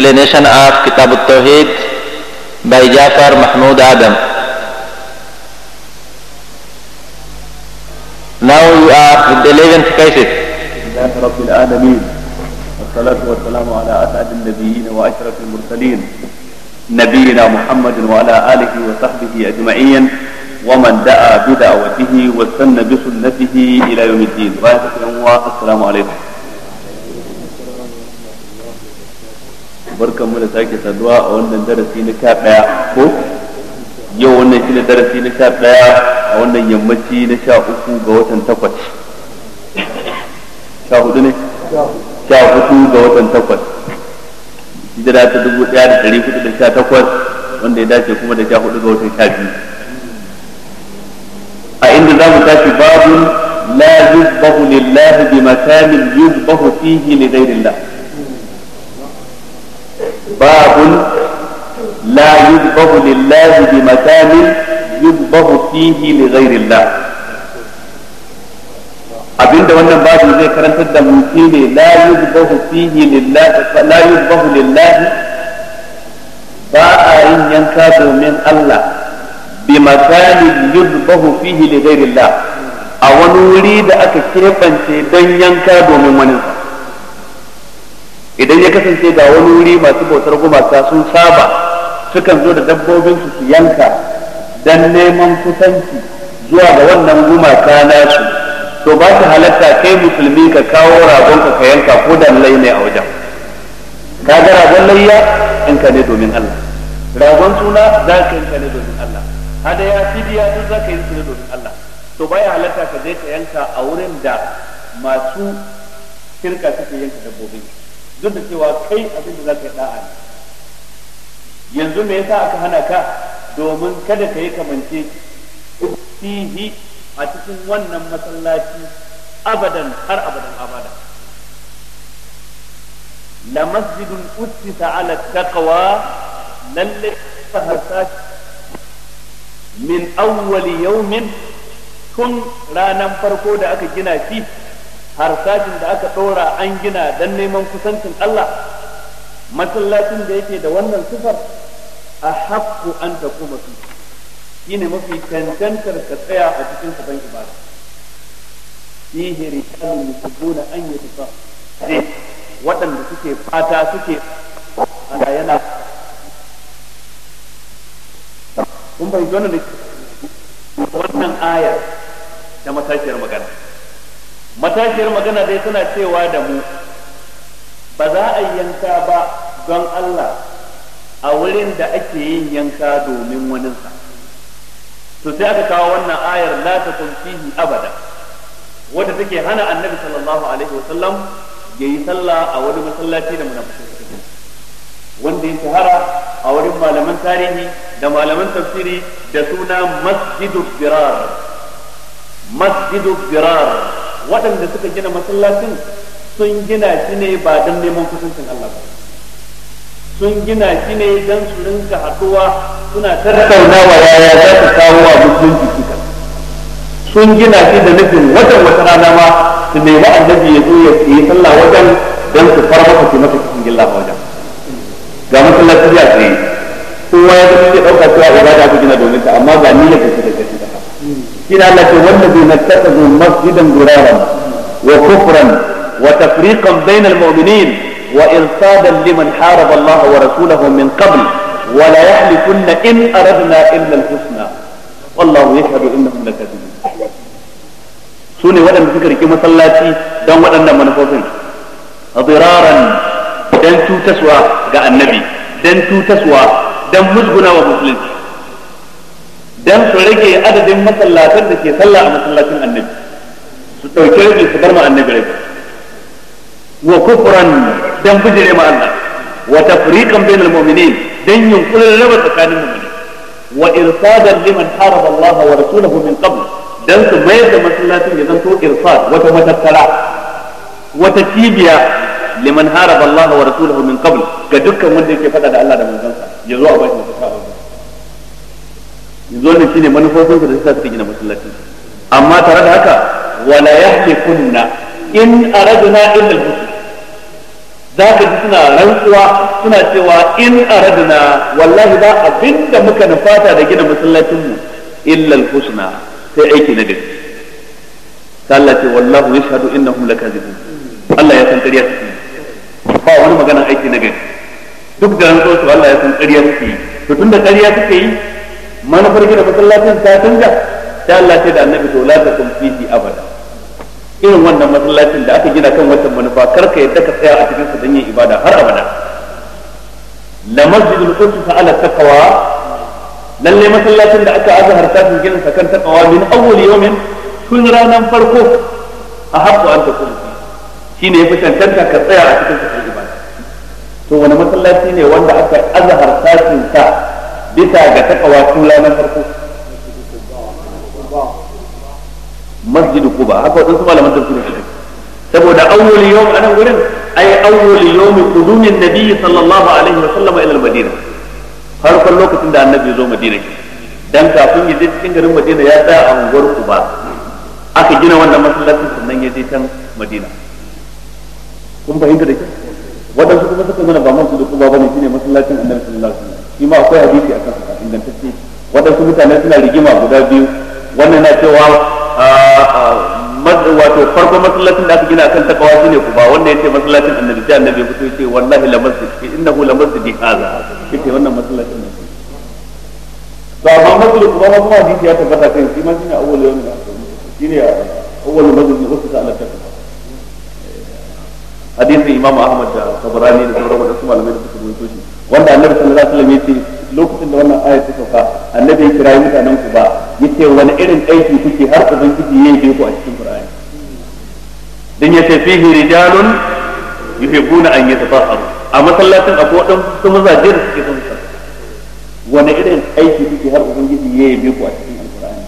Explanation of किताब तोहीद by Jafar Mahmud Adam Now you are in the 11th cases. لله رب العالمين والصلاة والسلام على أسعد النبيين وأشرف المرسلين نبينا محمد وعلى آله وصحبه أجمعين ومن دعا بدعوته وسن بسنته إلى يوم الدين. السلام عليكم. barkan mu da sake saduwa a wannan darasi na sha daya ko yau wannan shi ne darasi na sha daya a wannan yammaci na sha uku ga watan takwas sha hudu ne sha hudu ga watan takwas hijira ta dubu ɗaya da dari hudu da sha takwas wanda ya dace kuma da sha hudu ga watan sha biyu a inda za mu tashi babu la yuzbahu lillahi bi makamin yuzbahu fihi li ghayrillah باب لا يذبح لله بمكان يذبح فيه لغير الله abinda wannan babu zai karantar da mu shine la yuzbahu fihi lillahi la yuzbahu lillahi ba a yin yanka domin Allah bi makani yuzbahu fihi li ghairillah a wani wuri da aka kebance don yanka domin wani idan ya kasance ga wani wuri masu bautar gumaka sun saba sukan zo da dabbobin su su yanka dan neman kusanci zuwa ga wannan gumaka nasu to ba su halatta kai musulmi ka kawo ragon ka ka yanka ko da lai ne a wajen ka ga ragon layya in ka ne domin Allah ragon suna za ka yanka ne domin Allah ya fidiya duk za ka yanka ne domin Allah to baya halatta ka je ka yanka a wurin da masu shirka suke yanka dabbobin duk da cewa kai abin da zaka yi da'a ne yanzu me yasa aka hana ka domin kada ka yi kamance fihi a cikin wannan masallaci abadan har abadan abada la masjidun ussita ala taqwa lalle fahasa min awwal yawmin tun ranan farko da aka gina shi harsashin da aka ɗora an gina don neman kusancin Allah masallacin da yake da wannan sifar a haƙƙo an ta kuma su shi ne mafi cancantar ka tsaya a cikin saban ibada fihi rijalun yusibuna an yatafa Sai waɗanda suke fata suke ana yana kun bai wannan ayar da matashiyar magana matashiyar magana dai suna cewa da mu ba za a yanka ba don Allah a wurin da ake yin yanka domin waninsa to sai aka kawo wannan ayar la ta fihi abada wadda take hana annabi sallallahu alaihi wasallam ya yi sallah a wani masallaci da munafikai wanda ya shahara a wurin malaman tarihi da malaman tafsiri da suna masjidu firar masjidu firar waɗanda suka gina masallacin sun gina shi ne ba don neman kusancin Allah ba sun gina shi ne don su rinka haɗuwa suna tattaunawa yaya za su kawo wa musulunci suka sun gina shi da nufin wajen wata rana ma su nemi annabi ya zo ya yi sallah wajen don su fara maka su maka cikin gilla a wajen ga masallacin ya tsaye kowa ya zama ke ɗauka cewa ibada ku gina domin ta amma ba niyyar da su da ta كنا لك والذين اتخذوا مسجدا ضرارا وكفرا وتفريقا بين المؤمنين وإرصادا لمن حارب الله ورسوله من قبل ولا يحلفن إن أردنا إلا الحسنى والله يشهد إنهم لكاذبون سوني ودن فكر كما صلاتي دون ودن من فوزين ضرارا دنتو تسوى جاء النبي دنتو تسوى دم مزغنا ومسلمين dan su rage adadin masallatan da ke sallah a masallacin annabi su ɗauki rage su bar ma annabi rage wa kufran dan bijire ma Allah wa tafriqan bainal mu'minin dan yunkurin raba tsakanin mu'minin wa irsadan liman haraba Allah wa rasuluhu min qabl dan su mayar da masallacin ya zanto irsad wata matattara wata cibiya liman haraba Allah wa rasuluhu min qabl ga dukkan wanda yake fada da Allah da manzansa ya zo a bashi matattara yanzu wannan shine manufofin da suka suka gina masallaci amma tare da haka wala yahlikunna in aradna illa al-husn ka ji suna rantsuwa suna cewa in aradna wallahi ba abinda muka nufata da gina masallacin mu illa al-husna sai aiki na gari Allah ce wallahu yashhadu innahum lakazibun Allah ya san ƙarya suke ba wani magana aiki na gari duk da rantsuwa Allah ya san ƙarya suke to tunda ƙarya suke yi manufar gina masallacin ta canja sai Allah ce da annabi to la ta kumfiti abada irin wannan masallacin da aka gina kan wannan manufa kar ka yadda ka tsaya a cikin sa don yin ibada har abada la masjidul qudus ala taqwa lalle masallacin da aka azhar ta gina sa kan taqwa min awwal yawmin tun ranan farko a haƙƙo an ta kuma shine yafi tantanta ka tsaya a cikin sa ibada to wani masallaci ne wanda aka azhar ta bisa ga takawa tula na farko masjid kuba haka wadansu malaman tafsiri suka saboda awwal yawm anan gurin ay awwal yawm qudumin nabi sallallahu alaihi wa ila al-madina farkon lokacin da annabi zo madina dan kafin ya je cikin garin madina ya tsaya a unguwar kuba aka gina wannan masallacin sannan ya je can madina kun bayyana da kyau wadansu kuma suka zana ba masjid quba bane shine masallacin annabi sallallahu alaihi wa shi ma akwai hadisi akan sa ingantacce waɗansu mutane suna rigima guda biyu wannan na cewa wato farko masallacin da aka gina akan takawa shine ku ba wanda yace masallacin annabi sai annabi fito yace wallahi la masjid innahu la masjid hadha yace wannan masallacin ne to amma masjid kuma kuma hadisi ya tabbata kai shi ma shine awwal yawmin shine awwal masjid ne wasu ta'ala ta hadisin imam ahmad da tabarani da sauran wadansu malamai da suka rubuto shi wanda annabi sallallahu alaihi wasallam yace lokacin da wannan ayat ta sauka annabi ya kira mutanen ku ba yace wani irin aiki kuke har ubangiji yayi da ku a cikin qur'ani dan yace fihi rijalun yuhibbuna an yatatahharu a masallacin akwai wadansu mazaje da suke son wani irin aiki kuke har ubangiji ya yabe ku a cikin alkur'ani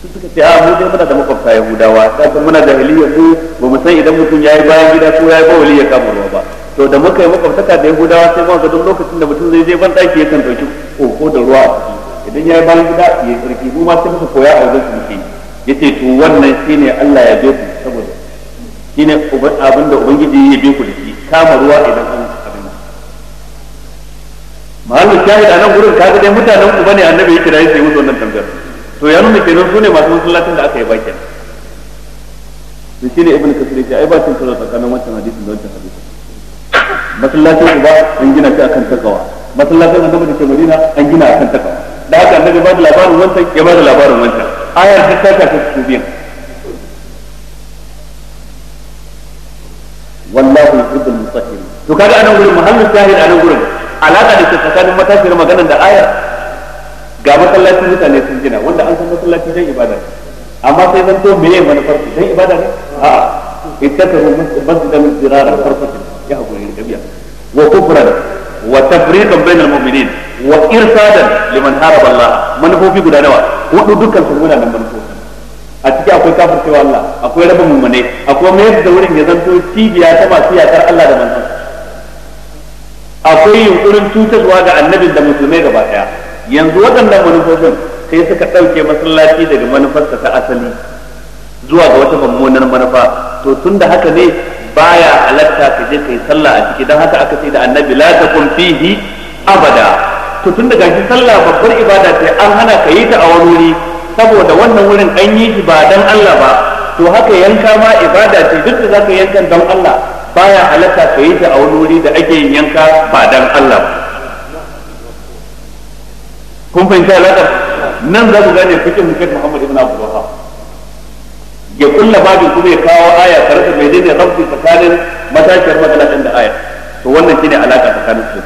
su suka ce a mu dai muna da makwabta yahudawa kafin muna da aliyya mu ba mu san idan mutum yayi bayan gida ko yayi bawali ya kama ruwa ba to da muka yi makwabtaka da yahudawa sai ma ga duk lokacin da mutum zai je ban daki yakan dauki koko da ruwa a ciki idan ya yi bayan gida ya yi tsarki kuma sai muka koya a wajen su ya ce to wannan shi ne Allah ya je ku saboda shi ne abin da ubangiji ya bi ku da shi kama ruwa idan an abin nan mahallu shahid a nan gurin kaga dai mutanen ku bane annabi ya kira sai musu wannan tambayar to ya nuna kenan su ne masu masallacin da aka yi bakin da shine ibnu kasir ya ce ai ba cin karo tsakanin wancan hadisin da wancan hadisin masallacin ba an gina shi akan takawa masallacin annabi da ke madina an gina akan takawa da haka annabi ba da labarin wancan ya ba da labarin wancan ayar ta ta ta su biyan wallahu yuhibbul mutahhirin to kaga anan gurin muhammad shahid anan gurin alaka da ke tsakanin matashiyar maganar da ayar ga masallacin mutane sun gina wanda an san masallaci dan ibada amma sai zan to meye manufar dan ibada ne a'a ittakahu masjidan zirara farfatin ya hakuri da biya wa kufran wa tafriqan bainal mu'minin wa irsadan liman haraba Allah manufofi guda nawa hudu dukkan su guda nan manufofi a ciki akwai kafircewa Allah akwai rabin mummune akwai mayar da wurin ya zanto cibiya ta masu yakar Allah da manzon akwai yunkurin cutarwa ga annabin da musulmai gaba daya yanzu waɗannan manufofin sai suka ɗauke masallaci daga manufarsa ta asali zuwa ga wata mummunar manufa to tun da haka ne baya halatta ka je kai sallah a ciki dan haka aka ce da annabi la takun fihi abada to tun daga shi sallah babbar ibada ce an hana ka yi ta a wani wuri saboda wannan wurin an yi shi ba dan Allah ba to haka yanka ma ibada ce duk da zaka yankan dan Allah baya halatta ka yi ta a wani wuri da ake yin yanka ba dan Allah kun fahimta alaƙar nan za ku gane fikin mukin Muhammad ibn Abdul Wahhab ya kulla babin kuma ya kawo aya ka rasa menene rabbi tsakanin matashiyar magana din da aya to wannan shine alaka tsakanin su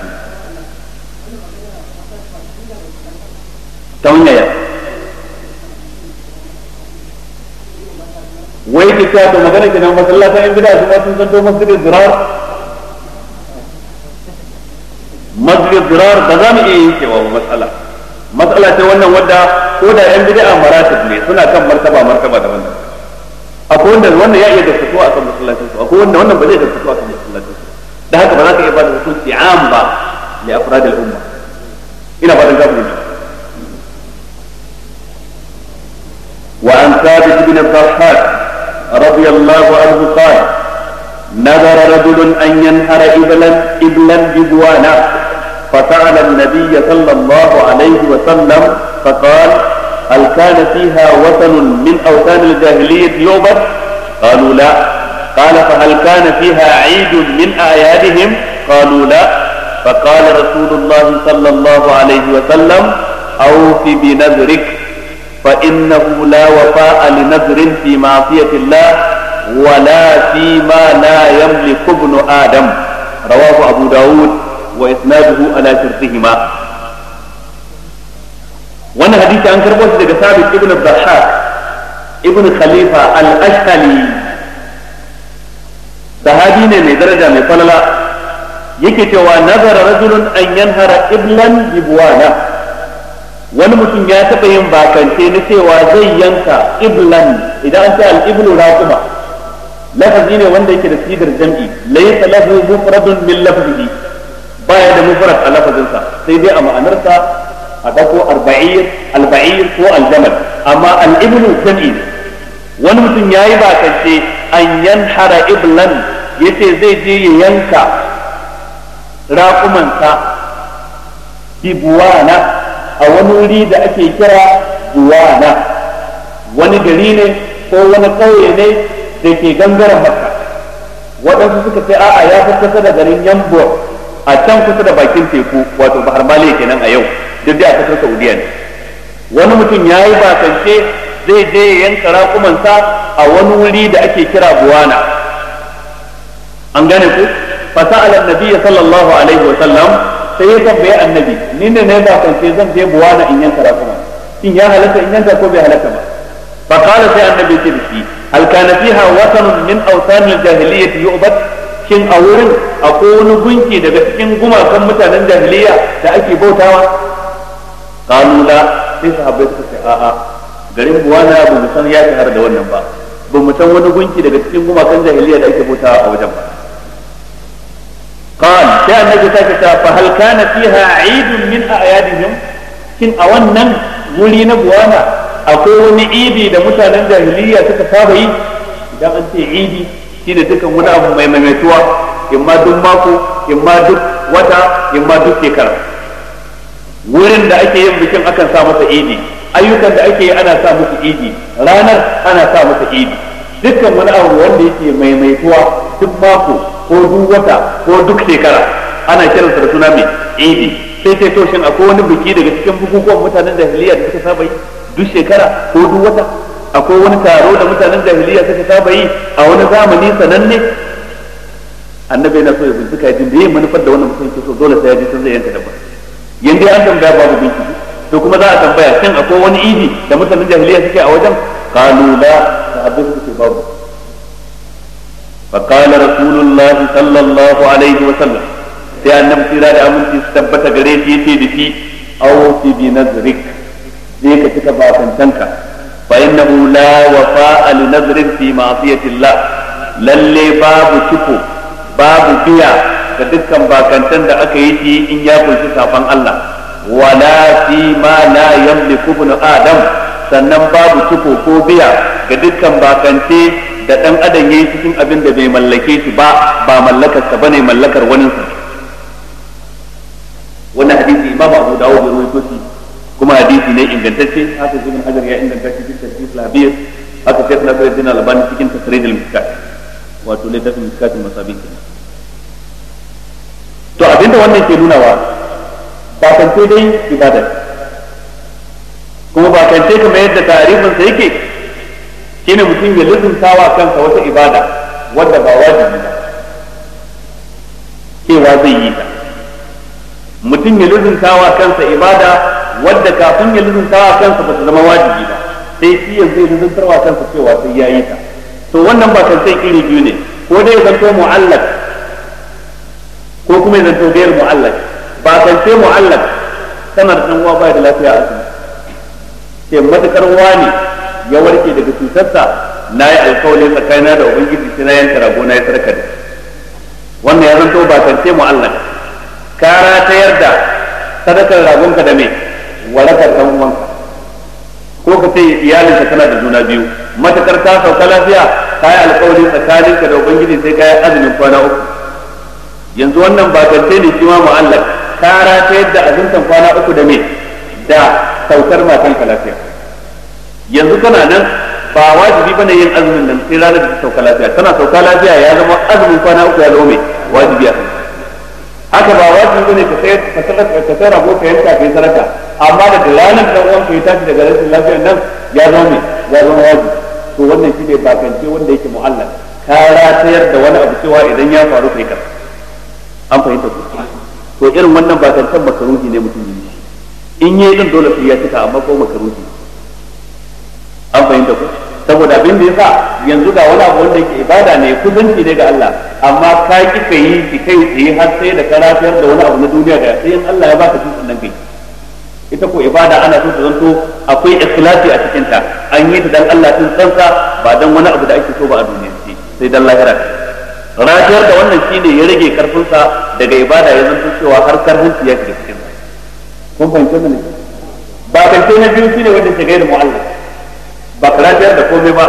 ta hanyar wai ki ta da magana kenan masallata yan bid'a su ma sun zanto masjidin zirar masjidin zirar ba za mu iya yin cewa ba matsala matsala ce wannan wadda ko da yan bid'a maratib ne suna kan martaba martaba daban-daban akwai wanda wannan ya iya gaskatu a kan masallacin su akwai wanda wannan ba zai gaskatu a kan masallacin su da haka ba za ka iya ba da hukunci am ba li afrad al umma ina fatan ka fahimta wa an thabit bin al-farhat radiyallahu anhu qala نذر رجل أن ينهر إبلا إبلا جدوانا فسأل النبي صلى الله عليه وسلم فقال هل كان فيها وثن من أوثان الجاهلية يعبد قالوا لا قال فهل كان فيها عيد من أعيادهم قالوا لا فقال رسول الله صلى الله عليه وسلم أوف بنذرك فإنه لا وفاء لنذر في معصية الله ولا فيما لا يملك ابن آدم رواه أبو داود وإسناده على شرطهما wannan hadisi an karbo shi daga sabit ibn dhahhak ibn khalifa al-ashkali sahabi ne mai daraja mai falala yake cewa nazara rajulun an yanhara iblan bibwana wani mutum ya taɓa yin bakance na cewa zai yanka iblan idan an ce al-iblu raquma lafazi ne wanda yake da sigar jam'i laysa lahu mufradun min lafzihi baya da mufrad a lafazinsa sai dai a ma'anarsa a dako arba'ir alba'ir ko aljamal amma al'ibnu jam'i wani mutum ya yi bakance yan yanhara iblan ya ce zai je ya yanka raƙumansa bibuwana a wani wuri da ake kira buwana wani gari ne ko wani ƙauye ne da ke gangaren maka waɗansu suka ce a'a ya fi kusa da garin yambo a can kusa da bakin teku wato bahar mali kenan a yau duk da a kasar saudiya ne wani mutum ya yi bakance zai je ya yanka raƙumansa a wani wuri da ake kira buwana an gane ku fasa'ala nabiyya sallallahu alaihi wa sallam sai ya tambaye annabi ni ne ne bakance zan je buwana in yanka raƙuma in ya halatta in yanka ko bai halatta ba فقال سي النبي تبكي هل كان فيها وثن من اوثان الجاهليه يعبد shin a wurin akwai wani gunki daga cikin gumakan mutanen jahiliya da ake bautawa qalu la sai sahabbai suka ce a'a garin buwana ba mu san ya har da wannan ba ba mu san wani gunki daga cikin gumakan jahiliya da ake bautawa a wajen ba قال sai annabi ta ce fa hal kana fiha eid min a'yadihim kin a wannan wuri na buwana akwai wani idi da mutanen jahiliya suka saba yi idan an ce idi shine dukan wani abu mai maimaituwa imma duk mako imma duk wata imma duk shekara wurin da ake yin bikin akan sa masa idi ayyukan da ake yi ana sa musu idi ranar ana sa masa idi dukkan wani abu wanda yake maimaituwa duk mako ko duk wata ko duk shekara ana kiransa da suna mai idi sai sai to shin akwai wani biki daga cikin bukukuwan mutanen jahiliya da suka saba yi duk shekara ko duk wata akwai wani taro da mutanen jahiliya suka saba yi a wani zamani sananne annabi yana so ya bincika ya jin da manufar da wannan mutum ke so dole sai ya ji sun zai yanka dabba yanda an tambaya babu bincike to kuma za a tambaya kan akwai wani idi da mutanen jahiliya suke a wajen qalu la sahabbai su ke babu فقال رسول الله صلى الله عليه وسلم sai annabi tsira da aminci su tabbata gare shi yace da shi fi bi nazrik zai ka cika bakantanka fa innahu la wafa al nazrin fi ma'siyati llah lalle babu ciko babu biya ga dukkan bakantan da aka yi shi in ya kunshi safan Allah wala fi ma la yamliku ibn adam sannan babu tuko ko biya ga dukkan bakante da dan adam yayi cikin abin da bai mallake shi ba ba mallakar ka bane mallakar wani sa wannan hadisi imamu Abu Dawud ya rawaito shi kuma hadisi ne ingantacce haka Ibn Hajar ya inganta shi cikin tafsir labiy haka na bayyana labani cikin tafsir miskat wato ne da miskatin masabi kenan abinda wannan ke nunawa ba kance dai ibada kuma ba kance kamar yadda tarihin sa yake shine mutum ya wa kansa wata ibada wadda ba wajibi ba cewa zai yi ta mutum ya wa kansa ibada wadda kafin ya wa kansa ba ta zama wajibi ba sai shi yanzu ya wa kansa cewa sai ya yi ta to wannan ba kance iri biyu ne ko dai zanto mu'allaq ko kuma ya zanto gayar mu'allak ba kan ce mu'allak tana da uwa ba da lafiya a sai matukar wani ya warke daga cutarsa na yi alkawalin tsakanin da ubangiji sai na yanka rago na ya sarka da wannan ya zanto ba kan ce mu'allak kara ta yarda sadakar ragonka da me warakar dan uwanka ko ka ce iyalinka tana da juna biyu matakar ta sauka lafiya ka yi alkawari tsakaninka da ubangiji sai ka yi azumin kwana uku yanzu wannan bakance ne shi ma mu'allaf kara ta yadda azumtan kwana uku da me da saukar matan ka lafiya yanzu kana nan ba wajibi bane yin azumin nan sai ranar da ta sauka lafiya tana sauka lafiya ya zama azumin kwana uku ya zama me wajibi haka ba wajibi bane ka sai ka sayar ka sayar ko ka yanka kai saraka amma da ranar da uwan ka yi tashi daga rashin lafiyar nan ya zama me ya zama wajibi to wannan shi shine bakance wanda yake mu'allaf ka ratayar da wani abu cewa idan ya faru kai kaza an fahimta ku to irin wannan ba tantan makaruhi ne mutum yi in yi din dole su ya cika amma ko makaruhi an fahimta ku saboda abin da yasa yanzu ga wani abu wanda ke ibada ne kuzanci ne ga Allah amma ka ki ka yi ki kai tsaye har sai da karafiyar da wani abu na duniya da sai in Allah ya baka shi sannan kai ita ko ibada ana so ta zanto akwai ikhlasi a cikin ta an yi ta dan Allah tun tsansa ba dan wani abu da ake so ba a duniya sai dan lahira rajiyar da wannan shine ya rage karfinsa daga ibada ya zanto cewa har karfin ya shiga cikin sa kun fahimta ne ba kance na biyu shine wanda ke gaida mu'alla ba rajiyar da komai ba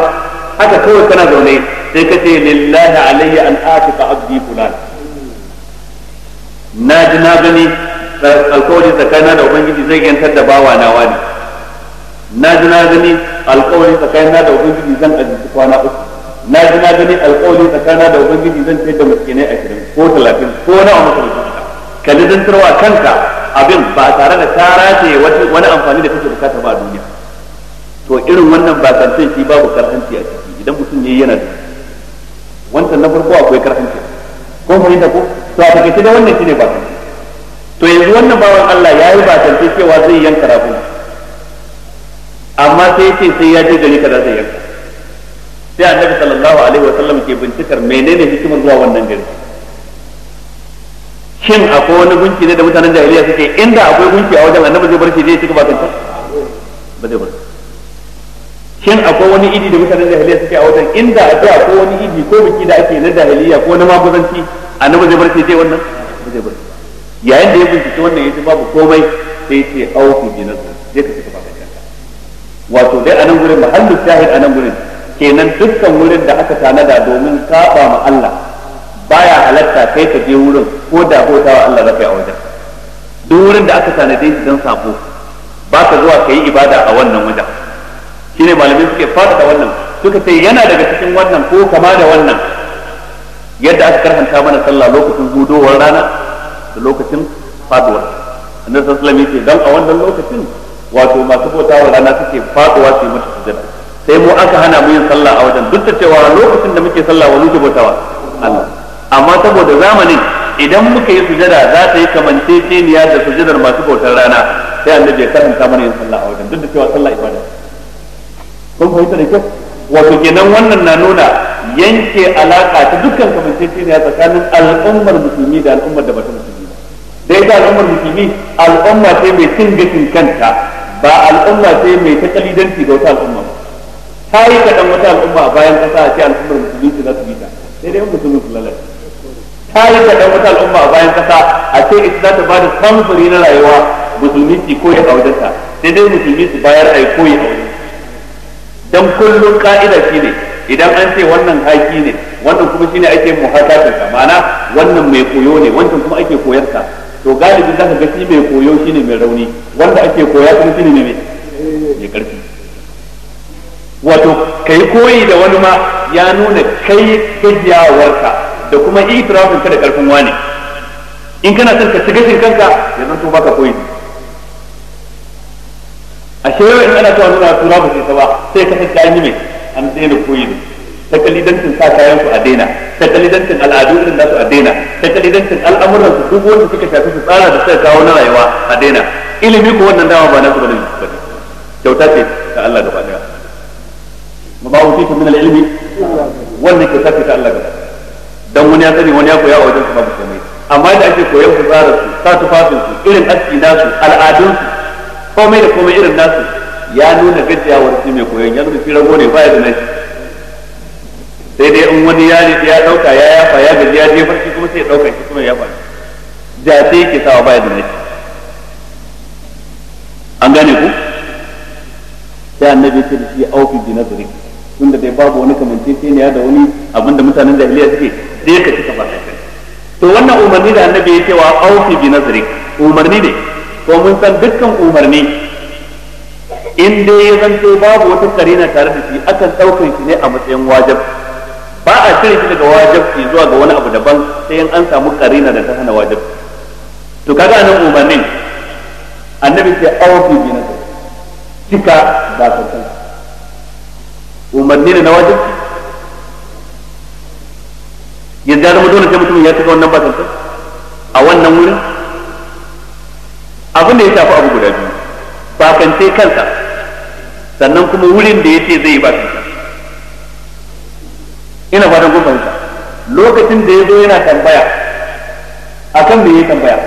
haka kawai kana zaune sai ka lillahi alayya an atika abdi fulan na ji na gani alkawari tsakanina da ubangiji zai yantar da bawa na wani na ji na gani alkawari tsakanina da ubangiji zan ajiye kwana uku na ji na gani alƙawari tsakana da ubangiji zan ce da a gidan ko talatin ko nawa makamantan ka tarwa kanka abin ba tare da ta rataye wani amfani da kake bukata ba a duniya to irin wannan ba kantin shi babu karhanci a ciki idan mutum yayi yana da wancan na farko akwai karhanci ko ta ko to a take da wannan shine ba kantin to yanzu wannan bawan Allah yayi ba kantin cewa zai yanka rafi amma sai ce sai ya je gari kada zai yanka sai annabi sallallahu alaihi wasallam ke bincikar menene hikimar zuwa wannan gari shin akwai wani gunki ne da mutanen jahiliya suke inda akwai gunki a wajen annabi zai bar shi zai cika bakin ta ba zai bar shin akwai wani idi da mutanen jahiliya suke a wajen inda a da akwai wani idi ko biki da ake na jahiliya ko na maguzanci annabi zai bar shi zai wannan ba zai bar yayin da ya bincike wannan yace babu komai sai ya ce auki dinar zai ka cika bakin ta wato dai anan gurin mahallin shahid anan gurin kenan dukkan wurin da aka tanada domin saba ma Allah baya halatta kai ka je wurin ko da hotawa Allah zaka a wajen duk wurin da aka tanade shi don sabo ba ka zuwa kai ibada a wannan wajen shine malamai suke da wannan suka ce yana daga cikin wannan ko kama da wannan yadda aka karhanta mana sallah lokacin gudowar rana da lokacin faduwa annabi sallallahu alaihi wasallam yace dan a wannan lokacin wato masu bautawa rana suke faduwa su yi mata sujada sai mu aka hana mu yin sallah a wajen duk da cewa lokacin da muke sallah wani ke bautawa Allah amma saboda zamanin idan muka yi sujada za ta yi kamanceceniya da sujadar masu bautar rana sai annabi ya karanta mana yin sallah a wajen duk da cewa sallah ibada kun fahimta da kyau wato kenan wannan na nuna yanke alaka ta dukkan kamanceceniya tsakanin al'ummar musulmi da al'ummar da bata musulmi da dai al'ummar musulmi al'umma ce mai cin gashin kanta ba al'umma ce mai kalidanci ga wata al'umma ba ta yi kaɗan wata al'umma a bayan ƙasa a ce al'ummar musulmi za su bi ta sai dai musulmi su lalace ta yi kaɗan wata al'umma a bayan ƙasa a ce ita za ta ba da samfuri na rayuwa musulmi ci koyi a wajenta sai dai musulmi su bayar a yi koyi a wajen dan kullum ka'ida shi ne idan an ce wannan haƙi ne wannan kuma shine ake muhatatarsa ma'ana wannan mai koyo ne wancan kuma ake koyarsa to galibi za ka ga shi mai koyo shine mai rauni wanda ake koya kuma shine mai mai karfi wato ka yi koyi da wani ma ya nuna kai gajiyawarka da kuma itirafin ka da karfin wani in kana son ka shiga shin kanka ya zanto baka koyi a shewa in ana tawa nuna tura ba sai ba sai ka ta yi mai an daina koyi ne ta kalidancin sa kayan su a daina ta kalidancin al'adu irin nasu a daina ta kalidancin al'amuran su duk wanda suka shafi su tsara da suka kawo na rayuwa a daina ilimi ko wannan dama ba na su ba ne kyauta ce ta Allah gaba utitu min al-ilmi wannan ke sake ta Allah gaba dan wani ya sani wani ya koya a wajen babu komai amma da ake koyon su su sa tufafin su irin aski nasu al'adun su komai da komai irin nasu ya nuna gajiyawar shi mai koyon rago ne baya da nashi sai dai in wani ya ya dauka ya yafa ya gaji ya kuma sai ya dauka shi kuma ya ja sai yake sawa baya da nashi an gane ku sai annabi ya ce da shi bi tunda dai babu wani ya da wani abin da mutanen jahiliya suke dai ka cika ba kai to wannan umarni da annabi ya cewa aufi bi nazari umarni ne ko mun san dukkan umarni in dai ya zanto babu wata karina tare da shi akan ɗaukar shi ne a matsayin wajib ba a cire shi daga wajibci zuwa ga wani abu daban sai in an samu karina da ta hana wajib to kaga nan umarnin annabi ce aufi bi nazari cika ba ta umarni ne na wajen yanzu ya zama dole sai mutumin ya cika wannan batantar a wannan wurin abin da ya shafi abu guda biyu bakance kansa sannan kuma wurin da ya ce zai yi bakanta ina fatan kun fahimta lokacin da ya zo yana tambaya akan me ya tambaya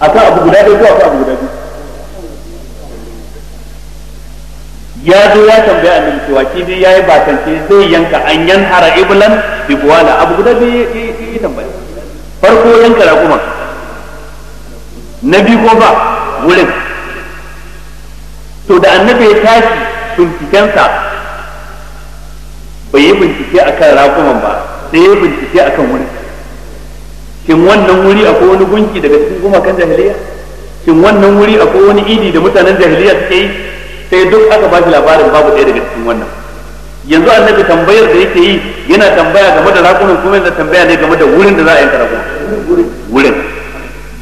akan abu guda ɗaya ko akan abu guda biyu ya zo ya tambaya annabi cewa shi dai yayi bakance zai yanka an yanhara iblan buwala abu guda bi yi tambaya farko yanka raƙuma na ko ba wurin to da annabi ya tashi bincikensa bai yi bincike akan raƙuman ba sai yi bincike akan wurin shin wannan wuri akwai wani gunki daga cikin gumakan jahiliya shin wannan wuri akwai wani idi da mutanen jahiliya suke yi sai duk aka ba shi labarin babu ɗaya daga cikin wannan yanzu annabi tambayar da yake yi yana tambaya game da rakunan kuma yana tambaya ne game da wurin da za a yi karago wurin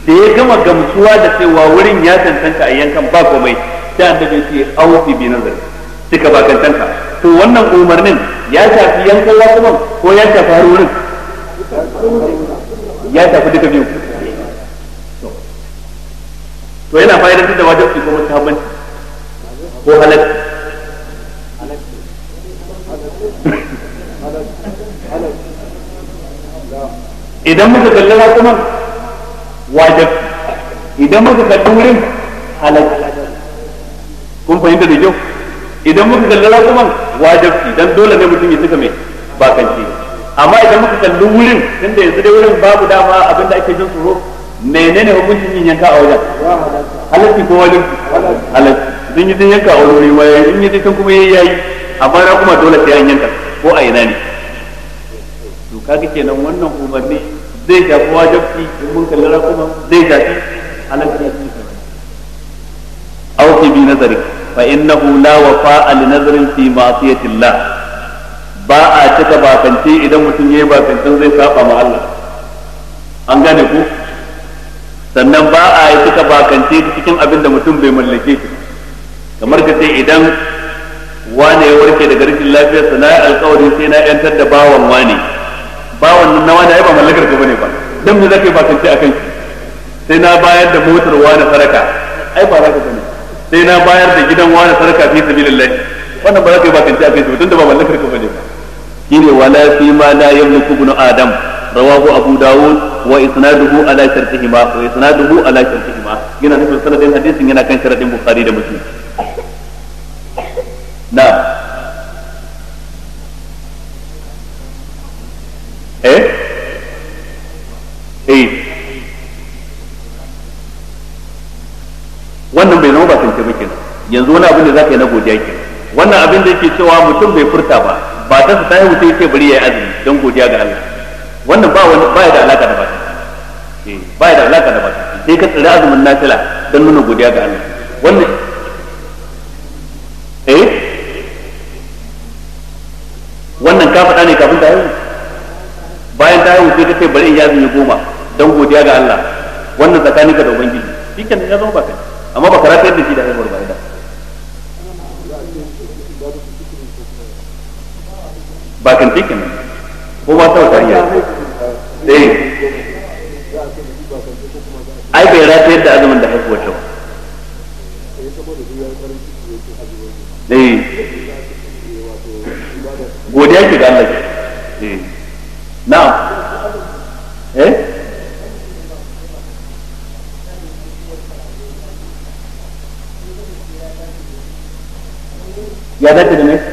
da ya gama gamsuwa da cewa wurin ya tantanta a yankan ba komai sai annabi ce aufi bi nazari suka ba tantanta to wannan umarnin ya shafi yankan rakunan ko ya shafi har wurin ya shafi duka biyu to yana fa'idar da wajen su ko mustahabbanci ko halak idan muka kalli rakuman wajab idan muka kalli wurin halak kun fahimta da kyau idan muka kalli rakuman wajab idan dole ne mutum ya suka mai bakanci amma idan muka kalli wurin tunda yanzu dai wurin babu dama abinda ake jin tsoro menene hukuncin yin yanka a wajen halarci ko wajen halarci sun yi yanka a wani wuri ma yayi in yi sun kuma yayi yayi amma na kuma dole sai an yanka ko a ina ne to kaga kenan wannan umarni zai kowa jafi in mun kalli rakuma zai shafi halakka auki bi nazari fa innahu la wafa'a li nazrin fi ma'siyati Allah ba a cika bakance idan mutum ya yi bakancin zai saba ma Allah an gane ku sannan ba a yi cika bakance cikin abin da mutum bai mallake shi kamar ka ce idan wane ya warke daga rikin sana na alkawari sai na yantar da bawan wane bawan na wane ya ba mallakar ka bane ba dan me zaka yi ba kance akan shi sai na bayar da motar wane saraka ai ba zaka bane sai na bayar da gidan wane saraka fi sabilillah wannan ba zaka yi ba kance akan shi tunda ba mallakar ka bane ba kine wala fi ma la yamliku ibn adam rawahu abu dawud wa isnaduhu ala shartihima wa isnaduhu ala shartihima yana nufin sanadin hadisin yana kan sharadin bukhari da muslim نعم ايه ايه wannan bai zama ba tunce ba kenan yanzu wani abin da zaka yi na godiya ke wannan abin da yake cewa mutum bai furta ba ba ta su yi wuce yake bari ya yi azumi don godiya ga Allah wannan ba wani ba ya da alaka da ba eh, ba ya da alaka da ba sai ka tsira azumin nafila don nuna godiya ga Allah wannan eh wannan ka faɗa ne kafin ta haihu bayan ta haihu sai ta ce bari in yazi goma don godiya ga Allah wannan tsakanin ka da ubangiji kan ya zama baka amma ba karatu yadda shi da haihuwar ba da ba kan tikin ko ba ta wata eh ai bai rata yadda azumin da haihuwar ta ba eh godiya ke ga Allah eh na'am eh ya da mai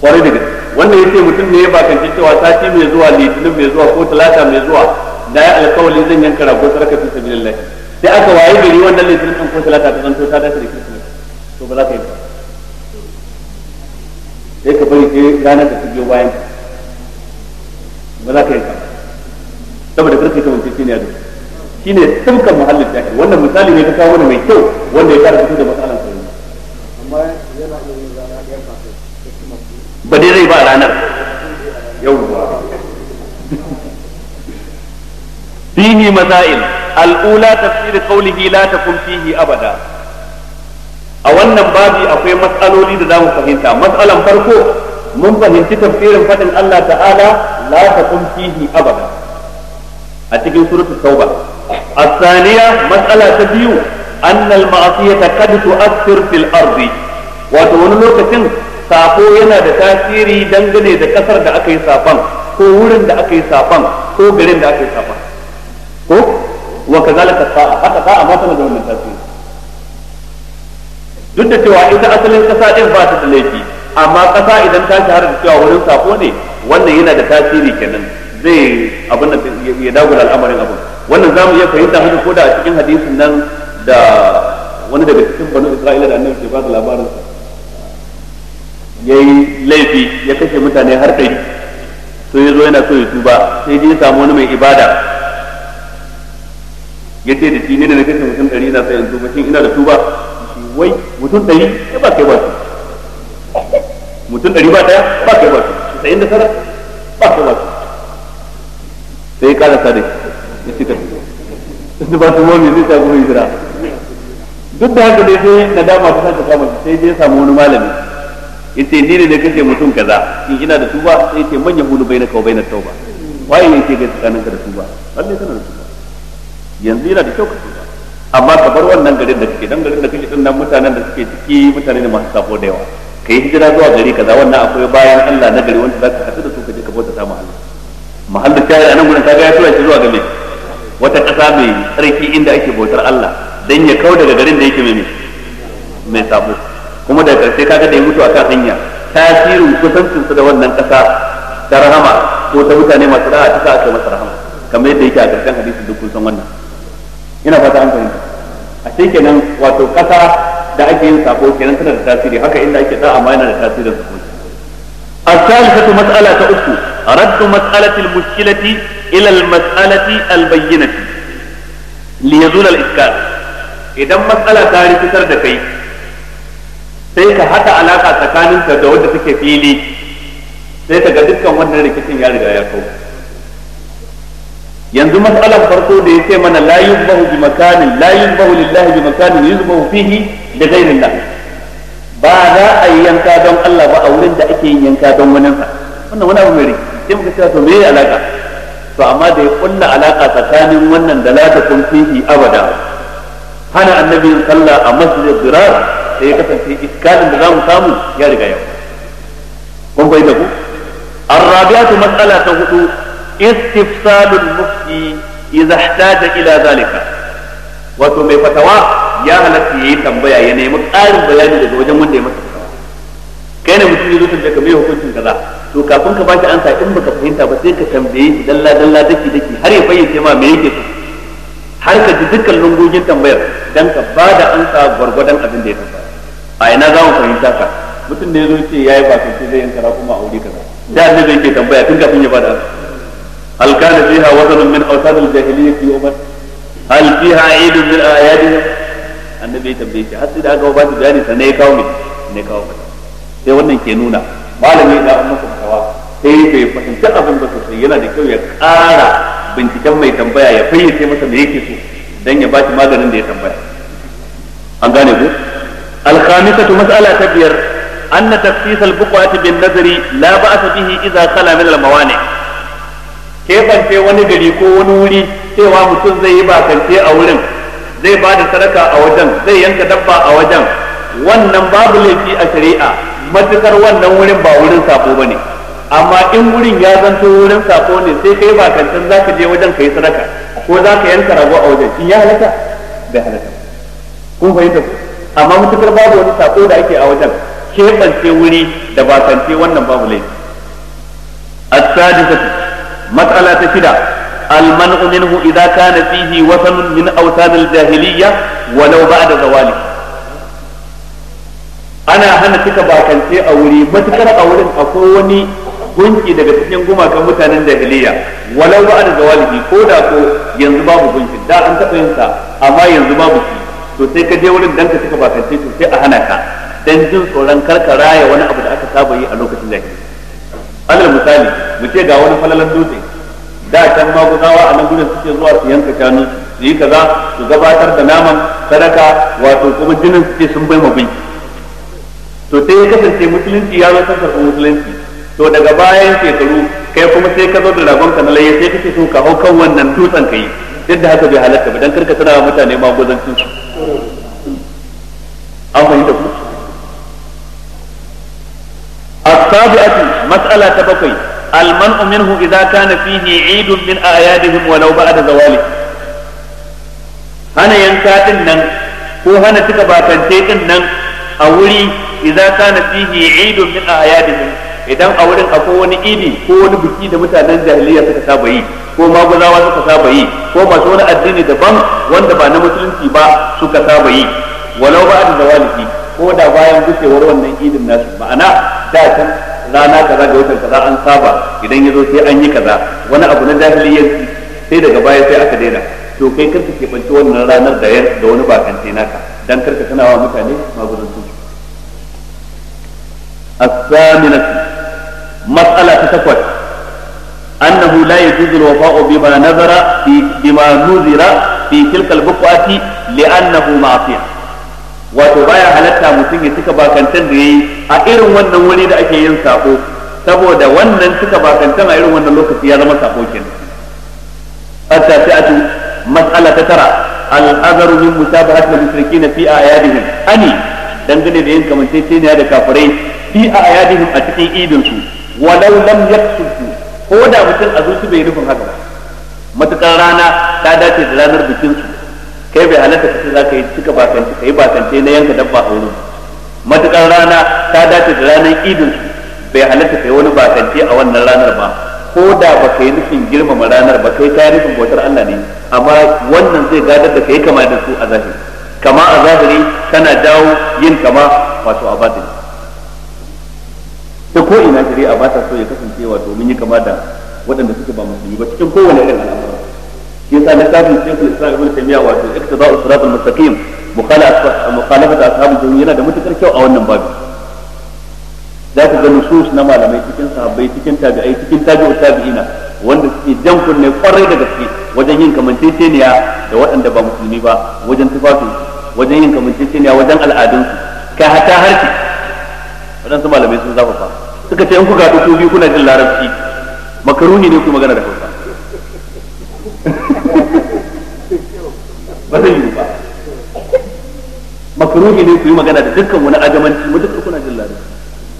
kwarai da gaske wannan yace mutum ne ya bakance cewa sati mai zuwa litinin mai zuwa ko talata mai zuwa da ya alkawali zan yanka rago sarka fi sabilillah sai aka waye gari wannan litinin ko talata ta zanto ta dace da kirsimeti to ba za ka yi ba sai ka bari sai ranar da ta biyo bayan ba za ka yi ba saboda karfe ta mutum a ya dace shine tumkan muhallin shahi wannan misali ne ta kawo wani mai kyau wanda ya fara fito da matsala ba dai rai ba ranar yawwa fihi masail al'ula tafsir qawlihi la takun fihi abada a wannan babi akwai matsaloli da zamu fahimta matsalan farko mun fahimci tafsirin fadin Allah ta'ala la takun fihi abada a cikin suratul tauba الثانية مسألة تبيو أن المعصية قد تؤثر في الأرض وتقول لك Safo yana da tasiri dangane da kasar da aka yi safan ko wurin da aka yi safan ko garin da aka yi safan ko wa kazalika sa'a haka sa'a ma tana da wannan tasiri duk da cewa ita asalin kasa din ba ta da laifi amma kasa idan ta shahara da cewa wurin safo ne wannan yana da tasiri kenan zai abin da ya dagula al'amarin abin wannan za mu iya fahimta haka ko da a cikin hadisin nan da wani daga cikin banu isra'ila da annabi ke ba da labarinsa ya yi laifi ya kashe mutane har ɗari to ya zo yana so ya tuba sai ya samu wani mai ibada ya ce da shi ne da na kashe mutum ɗari na sai yanzu ba shi ina da tuba wai mutum ɗari ya ba kai ba su mutum ɗari ba ɗaya ba kai ba su sai da tara ba kai ba su sai ya ƙara sa da ya ci tafi da ba su mami zai kuma hijira duk da haka dai sai nadama ta ta kama sai dai samu wani malami yace ni ne na kashe mutum kaza in ina da tuba sai yace man yahudu bainaka bai na tauba waye yake ga tsakaninka da tuba lalle kana da tuba yanzu yana da kyau ka tuba amma ka bar wannan garin da kake dan garin da kake dinnan nan mutanen da suke ciki mutane ne masu sabo da yawa kai hijira zuwa gari kaza wannan akwai bayan Allah na gari wanda zaka hadu da su kaje ka bauta ta mahalla mahalla ta yi anan gurin kaga ya tura shi zuwa gari wata kasa mai tsarki inda ake bautar Allah dan ya kau daga garin da yake mai mai sabo kuma da karshe kaga da ya mutu akan hanya tasirin kusancin da wannan kasa ta rahama ko ta mutane masu da'a ta sa aka masa rahama kamar yadda yake a karshen hadisin duk kun san wannan ina fata an fahimta a ce kenan wato kasa da ake yin sako kenan tana da tasiri haka inda ake da'a ma yana da tasirin su الثالثة مسألة أخرى رد مسألة المشكلة إلى المسألة البينة ليزول الإشكال إذا مسألة ثالثة تردكي sai ka haɗa alaka tsakaninka da wadda take fili sai ka ga dukkan wannan rikicin ya riga ya kawo yanzu mas'alar farko da ya ce mana la yuzbahu bi makanin la yuzbahu lillahi bi makanin yuzbahu fihi da ghairillah ba za a yi yanka don Allah ba a wurin da ake yin yanka don wani sa wannan wani abu mai rikici sai muka cewa to me ya alaka to amma da ya kulla alaka tsakanin wannan da la ta kun fihi abada hana annabi sallah a masjidil dirar sai ya kasance iskalin da za mu samu ya riga ya kun bai da ku matsala ta hudu muki mufti إذا احتاج ila zalika wato mai fatawa ya halatta yayi tambaya ya nemi ƙarin bayani daga wajen wanda ya masa fatawa kai ne mutum ya zo tambaya ka mai hukuncin kaza to kafin ka baki ansa in baka fahimta ba sai ka tambaye shi dalla dalla daki daki har ya bayyana ma me yake har ka ji dukkan lungogin tambayar dan ka bada ansa gwargwadon abin da ya tambaya a ina za mu fahimta ka mutum da ya zo ce ya yi kai zai kara kuma a wuri kaza da zai ke tambaya tun kafin ya bada alkana fiha wazanun min awsad aljahiliyyah umar hal fiha aid min ayati annabi ya tambaye shi har sai da aka ba shi bayani sannan ya kawo ne ne kawo ka sai wannan ke nuna malami da an masa fatawa sai bai fahimta abin da sosai yana da kyau ya ƙara binciken mai tambaya ya fayyace masa me yake so dan ya ba shi maganin da ya tambaya an gane ku الخامسة مسألة تبير أن تخصيص البقعة بالنذر لا بأس به إذا خلا من الموانع كيف wani gari ko wani wuri cewa mutum zai yi أولم a wurin zai ba da sadaka a wajen zai yanka dabba a wajen wannan babu laifi a shari'a matukar wannan wurin ba wurin sako ba ne amma in wurin ya zanto wurin sako ne sai kai bakancin za ka je wajen ka yi sadaka ko za ka yanka rago a wajen in ya halaka bai halaka kun fahimta ku amma mutukar babu wani sako da ake a wajen keɓance wuri da bakance wannan babu laifi ta مسألة شدة المنع منه kana كان فيه وثن من أوثان الجاهلية ولو بعد زواله ana hana cika bakance a wuri matukar a wurin akwai wani gunki daga cikin gumakan mutanen jahiliya walau ba da ko da ko yanzu babu gunki da an taɓa yin sa amma yanzu babu shi to sai ka je wurin dan ka ba bakance to sai a hana ka dan jin tsoron karka raya wani abu da aka saba yi a lokacin da yake alal misali mu ce ga wani falalan dutse da can maguzawa a nan gudun suke zuwa su yanka shanu su yi kaza su gabatar da naman sadaka wato kuma jinin suke sun bai mabin to sai ya kasance musulunci ya san musulunci to daga bayan shekaru kai kuma sai ka zo da ragonka na layya sai kake so ka hau kan wannan dutsen ka yi yadda haka bai halatta ba dan karka tana mutane ma magudancin su an fahimta ku as mas'ala ta bakwai alman minhu idza kana fihi 'idun min a'yadihim wa law ba'da zawali hana yanka din nan ko hana tuka bakance din nan a wuri idza kana fihi 'idun min a'yadihim idan a wurin akwai wani idi ko wani biki da mutanen jahiliya suka saba yi ko maguzawa suka saba yi ko masu wani addini daban wanda ba na musulunci ba suka saba yi walau ba da zawaliki ko da bayan gushewar wannan idin nasu ma'ana da can rana kaza ga watan kaza an saba idan ya zo sai an yi kaza wani abu na jahiliyyanci sai daga baya sai aka daina to kai kar ka wannan ranar da da wani bakance naka dan kar ka sanawa mutane maguzantu as-saminatu mas'ala ta takwas أنه لا يجوز الوفاء بما nazara في بما نذر في تلك البقعة لأنه معصية wato baya halarta mutum ya cika bakantan da yayi a irin wannan wuri da ake yin sako saboda wannan cika bakantan a irin wannan lokaci ya zama sako kenan hatta ta'atu mas'ala ta tara al-azaru min musabahat al-mushrikeena fi ayadihim ani dangane da yin kamanceceniya da kafirai fi ayadihim a cikin idin su walau lam yaqsud ko da mutum a zuci bai nufin haka ba matukar rana ta dace da ranar bikin su kai bai halatta kace za ka yi cika bakance kai bakance na yanka dabba a wurin matukar rana ta dace da ranar idin su bai halatta kai wani bakance a wannan ranar ba ko da ba kai nufin girmama ranar ba kai ta nufin bautar Allah ne amma wannan zai gadar da ka yi kama da su a zahiri kama a zahiri tana dawo yin kama wato a batini ta ko ina shari'a ba ta so ya kasance wato mun yi kama da waɗanda suke ba musulmi ba cikin kowane irin al'amura shi yasa na kafin shekul islam ibn taymiya wato iktida'u siratal mustaqim da ashabul jahim yana da matukar kyau a wannan babu za ka ga nusus na malamai cikin sahabbai cikin tabi'ai cikin tabi'u tabi'ina wanda suke jan kunne kwarai da gaske wajen yin kamanceceniya da waɗanda ba musulmi ba wajen tufafin wajen yin kamanceceniya wajen al'adunsu kai hata harshe waɗansu malamai sun zafafa suka ce in kuka haɗu ku biyu kuna jin larabci makaruni ne ku magana da hausa ba zai yi ba makaruni ne ku yi magana da dukkan wani adamanci mu duka kuna jin larabci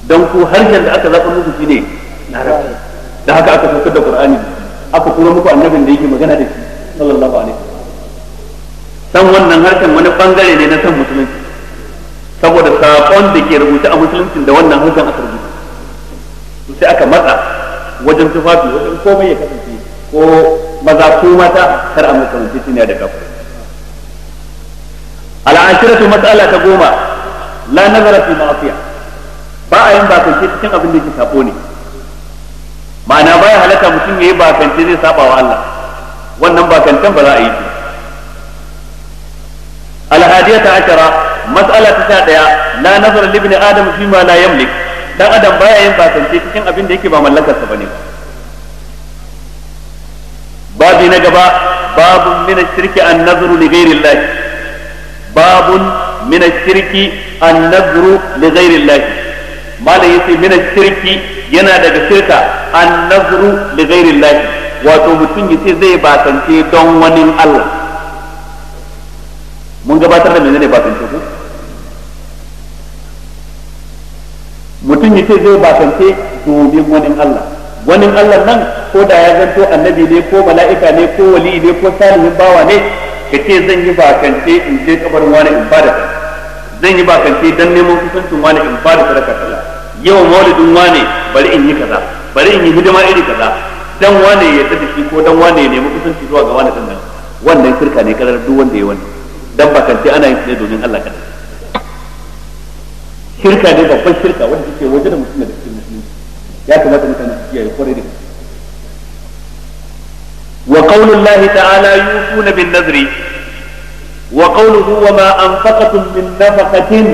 dan ku harshen da aka zaɓa muku shine larabci da haka aka saukar da qur'ani aka kuma muku annabin da yake magana da shi sallallahu alaihi san wannan harshen wani bangare ne na san musulunci saboda sakon da ke rubuta a musuluncin da wannan harshen aka sai aka matsa wajen tufafi wajen komai ya kasance ko maza ko mata kar a makamance shi ne da kafa su mas'ala ta goma la nazara fi ma'asiya ba a yin bakance cikin abin da yake sabo ne ma'ana baya halatta mutum yi bakance zai saba wa Allah wannan bakancen ba za a yi shi al'adiyata hadiyata ashara mas'ala ta daya la nazara libni adam fi ma la yamlik dan adam baya yin bakance cikin abin da yake ba sa bane babi na gaba babun min shirki an nazru li ghairi Allah babun min shirki an nazru li ghairi Allah mala yace min shirki yana daga shirka an nazru li ghairi Allah wato mutum yace zai basance don wani Allah mun gabatar da menene basance ko mutum yace zai bakance domin wani Allah wani Allah nan ko da ya zanto annabi ne ko mala'ika ne ko wali ne ko salihin bawa ne kace zan yi bakance in je kabar wani in bada zan yi bakance dan neman kusancin wani in da sadaka kaza yau maulidin wani bari in yi kaza bari in yi hidima iri kaza dan wani ya tada shi ko dan wani ya nemi kusanci zuwa ga wani dan nan wannan shirka ne kalar duk wanda ya wani dan bakance ana yin shi ne domin Allah kadai shirka ne babban shirka wanda take waje da mutum da cikin musulunci ya kamata mutane su kiyaye kwarai da wa qawlu Allah ta'ala yufuna bin nazri wa qawluhu wa ma anfaqatum min nafaqatin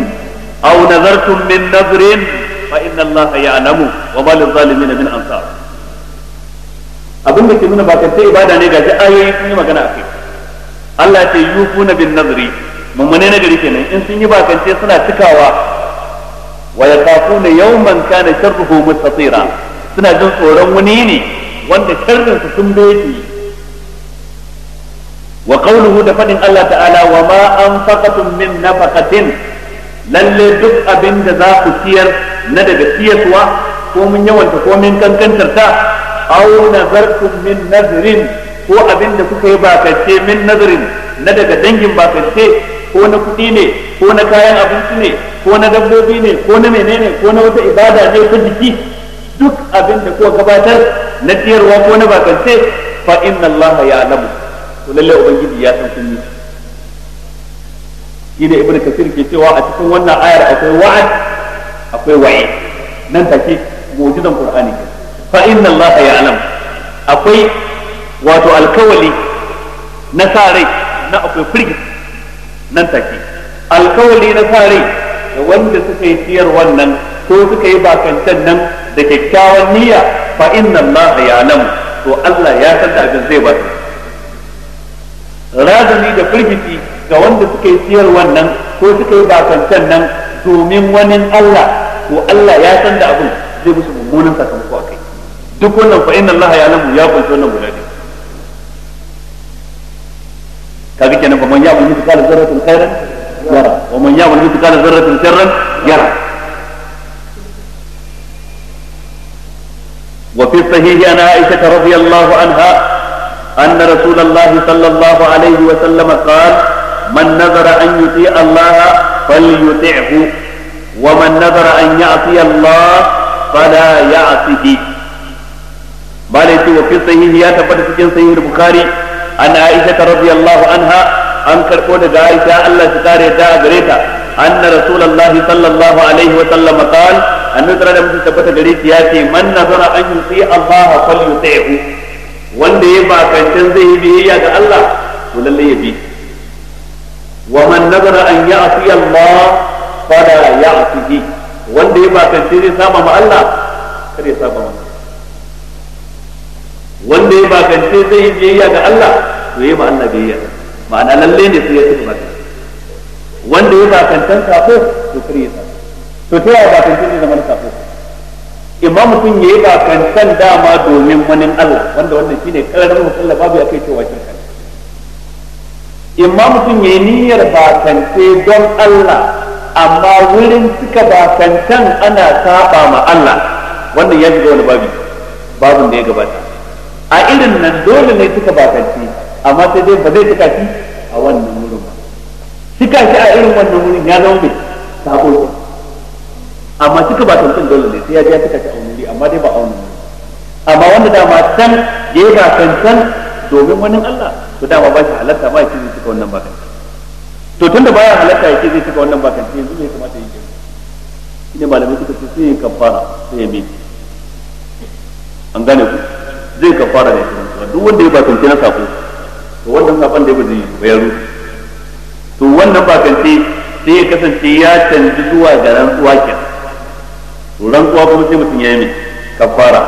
aw nazartum min nazrin fa inna Allah ya'lamu wa ma lil zalimin min ansar abin da ke nuna ba kai ibada ne ga ayoyi sun yi magana akai Allah ya ce yufuna bin nazri mummune na gari kenan in sun yi bakance suna cikawa wa yakhafuna yawman kana sharruhu mustatira suna jin tsoron wani ne wanda sharrin sun beti wa qawluhu da faɗin Allah ta'ala wa ma anfaqatum min nafaqatin lalle duk abinda da za ku siyar na daga siyarwa ko mun yawanta ko min kankantar ta aw nazartum min nazrin ko abinda da kuka yi bakance min nazarin na daga dangin bakace, ko na kuɗi ne ko na kayan abinci ne ko na dabbobi ne ko na menene ko na wata ibada ne ko jiki duk abin da kuka gabatar na tiyarwa ko na bakance fa inna Allah ya alamu to lalle ubangiji ya san kun yi shi da ibnu kasir ke cewa a cikin wannan ayar akwai wa'ad akwai wa'i nan take mu'jizan qur'ani fa inna Allah ya alamu akwai wato alkawali na sare na akwai firgit nan take alkawali na sare. da wanda suka yi siyar wannan ko suka yi bakantan nan da kyakkyawan niyya fa inna Allah ya'lamu to Allah ya san da abin zai bata razani da firgiti ga wanda suka yi siyar wannan ko suka yi bakantan nan domin wani Allah to Allah ya san da abin zai musu mummunan sakamako kai. duk wannan fa inna Allah ya'lamu ya kunshi wannan guda ne kaga kenan ba man ya'malu mithqala zarratin khairan يرى ومن يعمل مثقال ذرة شرا يرى وفي الصحيح عن عائشة رضي الله عنها أن رسول الله صلى الله عليه وسلم قال من نذر أن يطيع الله فليطعه ومن نذر أن يعصي الله فلا يعصيه بل وفي الصحيح يا تفتح في صحيح البخاري عن عائشة رضي الله عنها an karɓo daga Aisha Allah ta kare ta gare ta anna rasulullahi sallallahu alaihi wa sallam qal annabi da mutum tabbata gare shi ya ce man nazara an yuti Allah falyuti'hu wanda ya bakantan zai yi biyayya ga Allah to lalle ya bi wa man nazara an ya'si Allah fala ya'sihi wanda ya bakantan zai saba ma Allah kada ya saba ma wanda ya bakance zai yi biyayya ga Allah to yi ma Allah biyayya ma'ana lalle ne sai ya ci ba wanda ya kantan kafo to kare ya sako to ta yaya bakantan zai zama na kafo imam mutum ya yi kantan dama domin wani Allah wanda wannan shine kararin musalla babu ya kai cewa shirka imam mutum ya yi niyyar bakante don Allah amma wurin suka kantan ana saba ma Allah wannan ya shiga wani babi babin da ya gabata a irin nan dole ne suka bakanci amma sai dai ba zai tuka shi a wannan wurin ba tuka shi a irin wannan wurin ya zama mai sako ne amma tuka ba tantun dole ne sai ya ji ya tuka shi a wuri amma dai ba a wannan wurin amma wanda dama can ya yi can domin wani Allah to dama ba shi halatta ma ya zai tuka wannan bakanci to tunda baya halatta ya ce zai tuka wannan bakanci yanzu me ta kamata ya yi ne malamai suka ce sai ya kafara sai ya bi an gane ku zai kafara da ya duk wanda ya bakance na sako to wannan sakon da yake bazu ya rushe to wannan bakanti sai ya kasance ya canji zuwa ga rantsuwa ke to rantsuwa kuma sai mutum ya yi mai kafara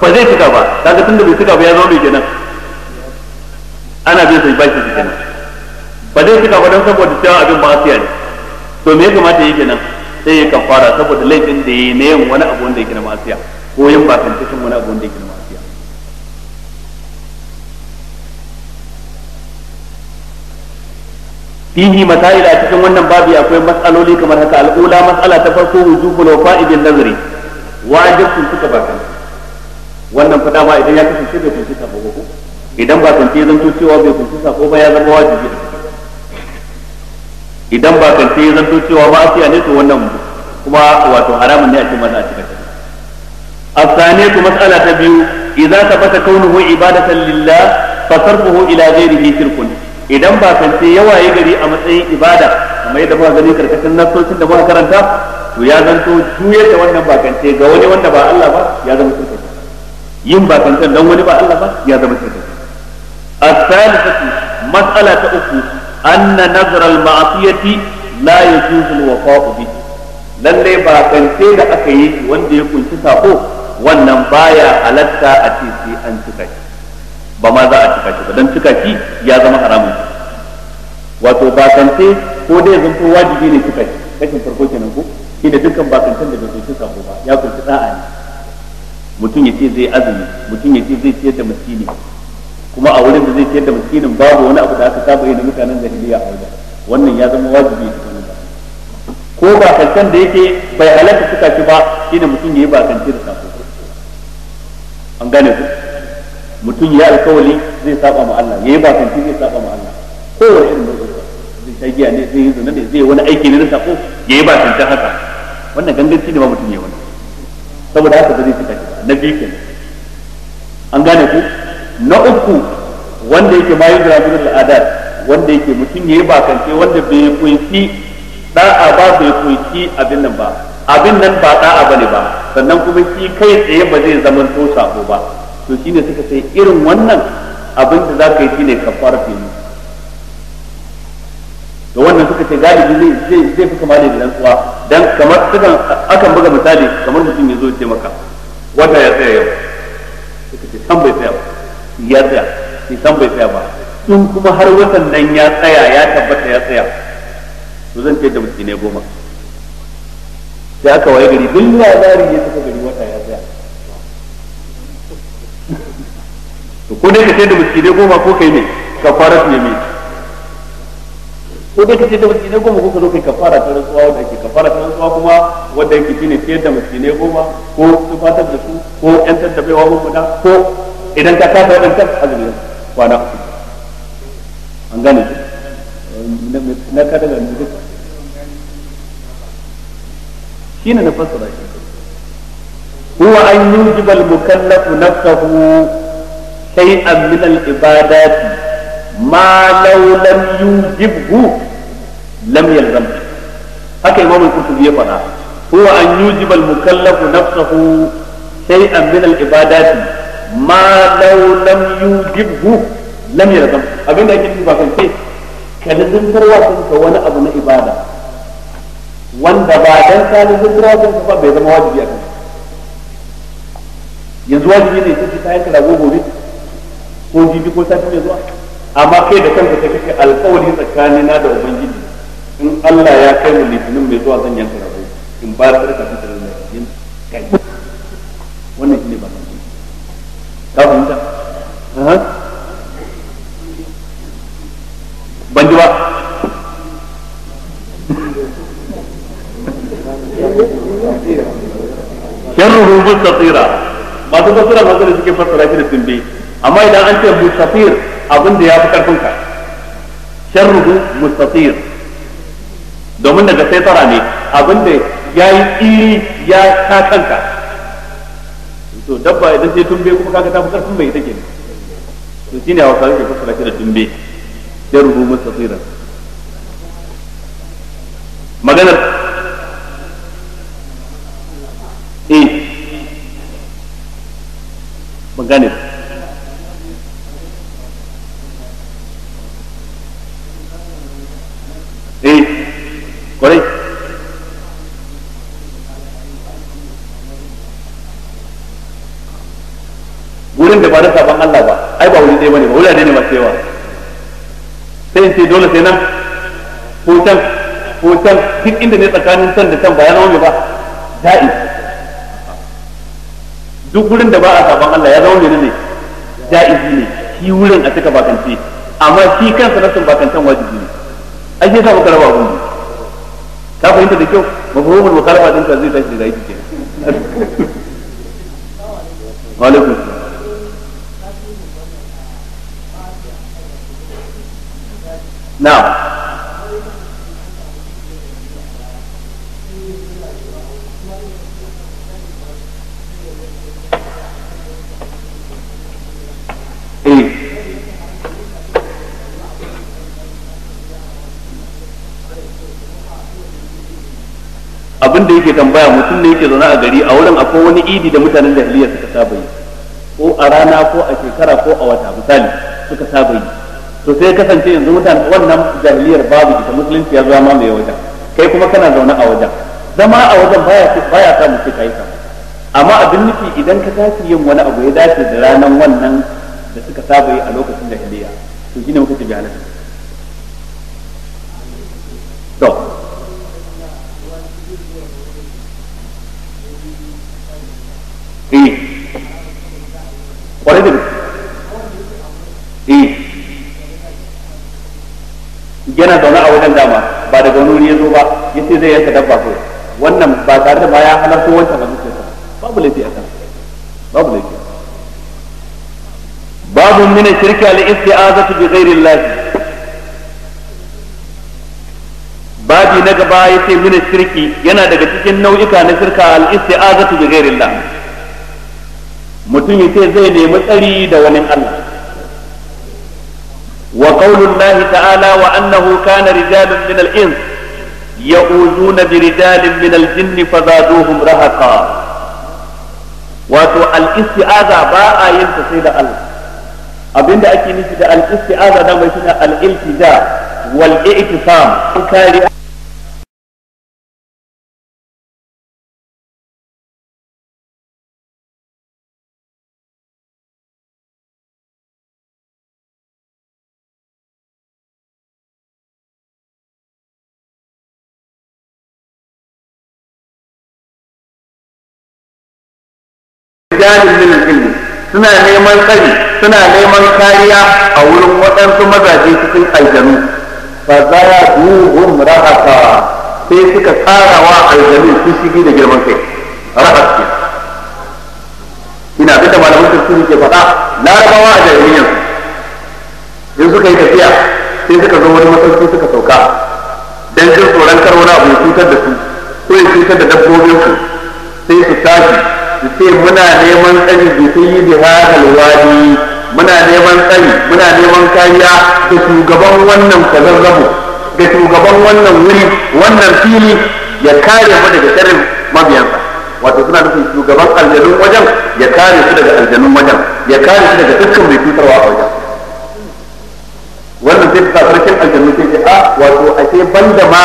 ba zai cika ba kaga tunda bai cika ba ya zo mai kenan ana bin sai bashi kenan ba zai cika ba dan saboda cewa abin ba asiya ne to me ya kamata yake nan sai ya kafara saboda laifin da ya yi na wani abu wanda yake na masiya ko yin bakance wani abu wanda yake na fihi masaila a cikin wannan babi akwai matsaloli kamar haka al'ula matsala ta farko wujubul wafa'i bin nazari wajibun suka bakan wannan fada ma idan ya kasance bai kunshi sabo ba ko idan ba kance zan to cewa bai kunshi sabo ba ya zama wajibi idan ba kance zan to cewa ba a ne to wannan kuma wato haramun ne a cikin wannan a cikin ku matsala ta الثانية مسألة ta إذا ثبت كونه عبادة لله فصرفه إلى غيره شرك idan ba kance yawa yi gari a matsayin ibada kamar yadda muka gani karkashin nasocin da muka karanta to ya zanto juyar da wannan ba kance ga wani wanda ba Allah ba ya zama shirka yin ba kance dan wani ba Allah ba ya zama shirka as-salisatu mas'ala ta uku anna nazar al-ma'siyati la yajuzu al-wafa'u bi lalle ba kance da aka yi wanda ya kunshi sako wannan baya halatta a cikin sai an cika shi ba ma za a cika shi ba don cika shi ya zama haramun wato bakance ko dai zan fi wajibi ne cika shi kashin farko kenan ko shi da dukkan bakancen da bai cika ko ba ya kunshi da'a ne mutum ya ce zai azumi mutum ya ce zai ciyar da miskini kuma a wurin da zai ciyar da miskinin babu wani abu da aka saba yi da mutanen jahiliya a wajen wannan ya zama wajibi ne ko bakancen da yake bai halatta cika shi ba shine mutum ya yi bakance da safo an gane ku mutum ya alkawali zai saba ma Allah yayi ci zai saba ma Allah ko wani irin mutum zai ta giya ne zai yi zuna ne zai wani aiki ne na sako yayi ta haka wannan ganganci ne ba mutum ya wani saboda haka ba zai fita ba na biyu kenan an gane ku na uku wanda yake ma yudra min al'adat wanda yake mutum yayi bakance wanda bai kunshi da'a ba bai kunshi abin nan ba abin nan ba da'a bane ba sannan kuma shi kai tsaye ba zai zama to sako ba to shine suka sai irin wannan abin da za ka yi shi ne kafar fili to wannan suka ce galibi zai zai zai fi kama da rantsuwa dan kamar sukan akan buga misali kamar mutum ya zo ya ce maka wata ya tsaya yau suka ce san bai tsaya ba ya tsaya sai san bai tsaya ba tun kuma har watan nan ya tsaya ya tabbata ya tsaya to zan ce da mutum ne goma sai aka waye gari duk zari ya suka ko dai ka sai da miskine goma ko kai ne ka fara su yami ko dai ka sai da miskine goma ko ka zo kai ka fara ta rantsuwa wanda ake fara ta rantsuwa kuma wanda yake shine sayar da miskine goma ko tufatar da su ko yan tattabewa baiwa guda ko idan ka kafa wadancan azumi kwana an gane na kada ga mutum shine na fasara shi huwa an yujibal mukallafu nafsahu shay'an min al-ibadati ma law lam yujibhu lam yalzam haka imamu al-qurtubi ya fada huwa an yujiba al-mukallafu nafsahu shay'an min al-ibadati ma law lam yujibhu lam yalzam abinda yake nufi ba kan sai kan din tarwa sun wani abu na ibada wanda ba dan kana din tarwa sun ka bai zama wajibi a kai yanzu wajibi ne sai ta yi karago gobe ko jibi ko sati mai zuwa amma kai da kanka sai kake alƙawari na da ubangiji in Allah ya kai mu litinin mai zuwa zan yanka rabo in ba ta da kafin da yin kai wannan shine ba ka fahimta ban ji ba tsira ba masu tsira ba zai suke fasara shi da tumbe amma idan an ce mustatir abin da ya fi karfin ka sharru mustatir domin daga sai tsara ne abin da ya yi tsiri ya ta kanka to dabba idan sai tumbe kuma kaga ta fi karfin bai take ne to shine a wasu ke fassara shi da tumbe sharru mustatir maganar eh ban wurin da ba na saban Allah ba ai ba wuri ɗaya bane ba wurare ne masu yawa sai in ce dole sai nan hoton hoton duk inda ne tsakanin san da san ba ya zama ba da'i duk wurin da ba a saban Allah ya zama ne da'izi ne shi wurin a cika bakance amma shi kansa rasin bakantan wajibi ne ai sai samu karaba abun ne ka fahimta da kyau mafhumul mukhalafa din ka zai tashi da aiki kenan wa alaikum Now, abin da yake tambaya mutum ne yake zaune a gari a wurin akwai wani idi da mutanen jahiliya suka saba yi ko a rana ko a shekara ko a wata misali suka saba yi to sai kasance yanzu mutane wannan jahiliyar babu ita musulunci ya zama mai wajen kai kuma kana zaune a wajen zama a wajen baya baya sa mu kai ka amma abin nufi idan ka tashi yin wani abu ya dace da ranan wannan da suka saba yi a lokacin jahiliya to shine muka ci to eh kwarai da eh yana zaune a wajen dama ba daga wani ya zo ba ya ce zai yanka dabba ko wannan ba tare da ba ya halarta wancan a ba babu laifi a kan babu laifi babu mini shirki al isti'azatu bi ghairi llahi babi na gaba yace mini shirki yana daga cikin nau'ika na shirka al isti'azatu bi ghairi llahi mutum yace zai nemi tsari da wani Allah وقول الله تعالى وأنه كان رجال من الإنس يؤذون برجال من الجن فزادوهم رهقا واتو الاستعاذة باء ينتصي الله أبين دا أكي الاستعاذة دا ما الالتجاء والاعتصام rijalin min al suna neman tsari suna neman kariya a wurin waɗansu mazaje cikin aljanu fa duhum rahata sai suka tsara wa aljanu su shigi da girman kai rahat ina bita malamin tafsiri ke faɗa larabawa a jahiliyyar in suka yi tafiya sai suka zo wani masauki suka sauka dan jin tsoron karwana abu cutar da su ko ya cutar da dabbobinsu sai su tashi su ce muna neman tsari da ta yi da wadi muna neman tsari muna neman kariya da shugaban wannan rabu da shugaban wannan wuri wannan fili ya kare mu daga sharrin mabiyansa wato suna nufin shugaban aljanun wajen ya kare su daga aljanun wajen ya kare su daga dukkan mai cutarwa a wajen wannan sai ta farkin aljanu sai ce a ah, wato ashe banda ma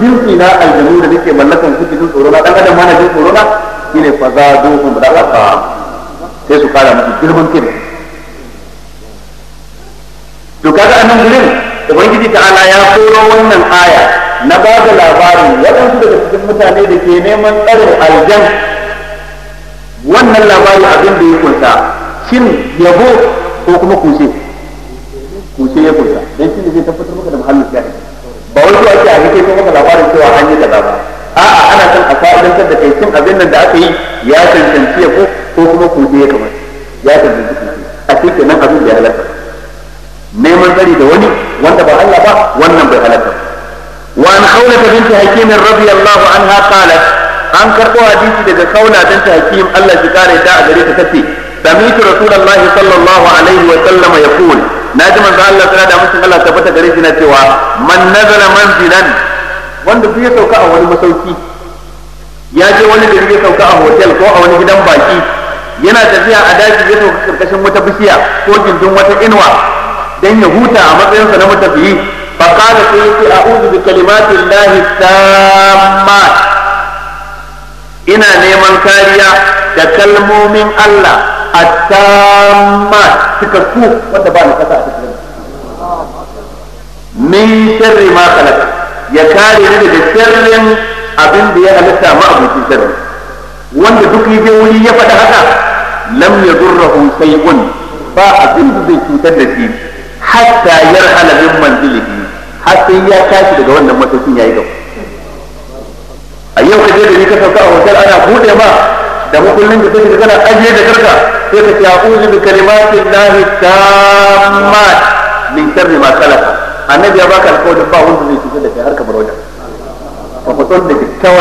jinsi na aljanu da nake mallakan su cikin tsoro na dan adam ma na jin tsoro na ne fa za da rahaqa sai su kara musu girman kai to kaga anan gurin ubangiji ta'ala ya koro wannan aya na ba da labarin waɗansu daga cikin mutane da ke neman tsarin aljan wannan labari abin da ya kunsa shin yabo ko kuma kushe kushe ya kunsa don shi ne zai tabbatar maka da ya ba wani zuwa ake a ko maka labarin cewa an yi da ba a'a ana son a fa'idantar da kai shin abin nan da aka yi ya cancanci ya ko kuma kuɗi ya kamata ya cancanci kuɗi a cikin nan abin da ya halatta neman tsari da wani wanda ba Allah ba wannan bai halatta wa an khawlata bint hakim radiyallahu anha qalat an karɓo hadisi daga kaula bint hakim Allah shi kare ta a gare ta tace sami'tu rasulullahi sallallahu alaihi wa sallama yaqul na ji manzo Allah tsara da mutum Allah tabbata gare shi na cewa man nazala wanda su ya sauka a wani masauki ya je wani gari ya sauka a hotel ko a wani gidan baki yana tafiya a daji ya sauka karkashin wata bishiya ko gindin wata inuwa dan ya huta a matsayinsa na matafiyi fa qala sai yace a'udhu bi kalimatin llahi tammat ina neman kariya da kalmomin Allah at-tammat suka ku wanda ba ni kasa a cikin min sharri ma khalaqa ya kare ni daga sharrin abin da ya halitta ma abincin sharri wanda duk yaje wuri ya faɗa haka lam yadurruhu shay'un ba abin da zai cutar da shi hatta yarhala min manzilihi har ya tashi daga wannan matakin yayi gaba a yau ka je da ni ka sauka a hotel ana bude ma da mukullin da take kana ajiye da karka sai ka ce a'udhu bi kalimatin lahi tammat min sharri ma khalaqa annabi ya baka alƙawarin ba wanda zai cutar da kai har ka bar wajen ka fito da kyakkyawar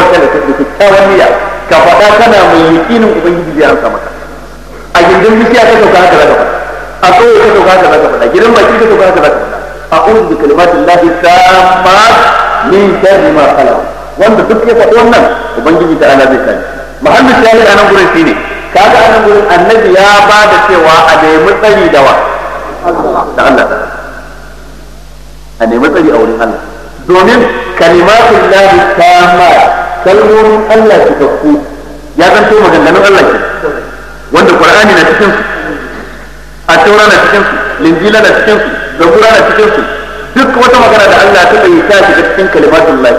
kana da kyakkyawar niyya ka faɗa kana mai yakinin ubangiji zai amsa maka a gindin bishiya ka sauka haka zaka faɗa a tsoye ka sauka haka zaka faɗa gidan baki ka sauka haka zaka faɗa a'udhu bi kalimatillahi tammat min sharri ma khalaq wanda duk ya faɗi wannan ubangiji ta ala zai kare muhammad ya yi anan gurin shine kaga anan gurin annabi ya ba da cewa a da nemi mutsari da wa da Allah a nemi tsari a wurin Allah domin kalimatun lahi tamma kalmomin Allah cikakku ya zanto maganganun Allah ke wanda Qur'ani na cikin su a taura na cikin su linjila na cikin su zabura na cikin su duk wata magana da Allah ta bai ta shiga cikin kalimatun lahi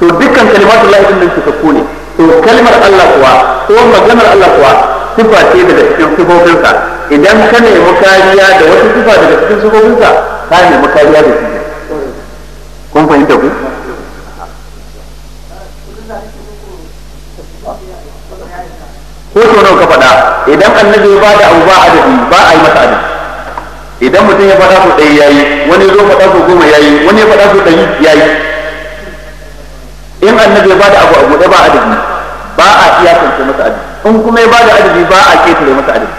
to dukkan kalimatun lahi din nan cikakku ne to kalmar Allah kuwa ko maganar Allah kuwa sifa ce daga cikin sifofinsa idan ka nemi kariya da wata sifa daga cikin sifofinsa ka nemi kariya da shi kun fahimta ku ko so nawa ka faɗa idan annabi ya bada abu ba adadi ba a yi masa adadi idan mutum ya faɗa so ɗaya ya yi wani zo faɗa so goma ya yi wani ya faɗa so ɗari yi in annabi ya bada abu abu ɗaya ba adadi ba a iya iyakance masa adadi in kuma ya bada adadi ba a ketare masa adadi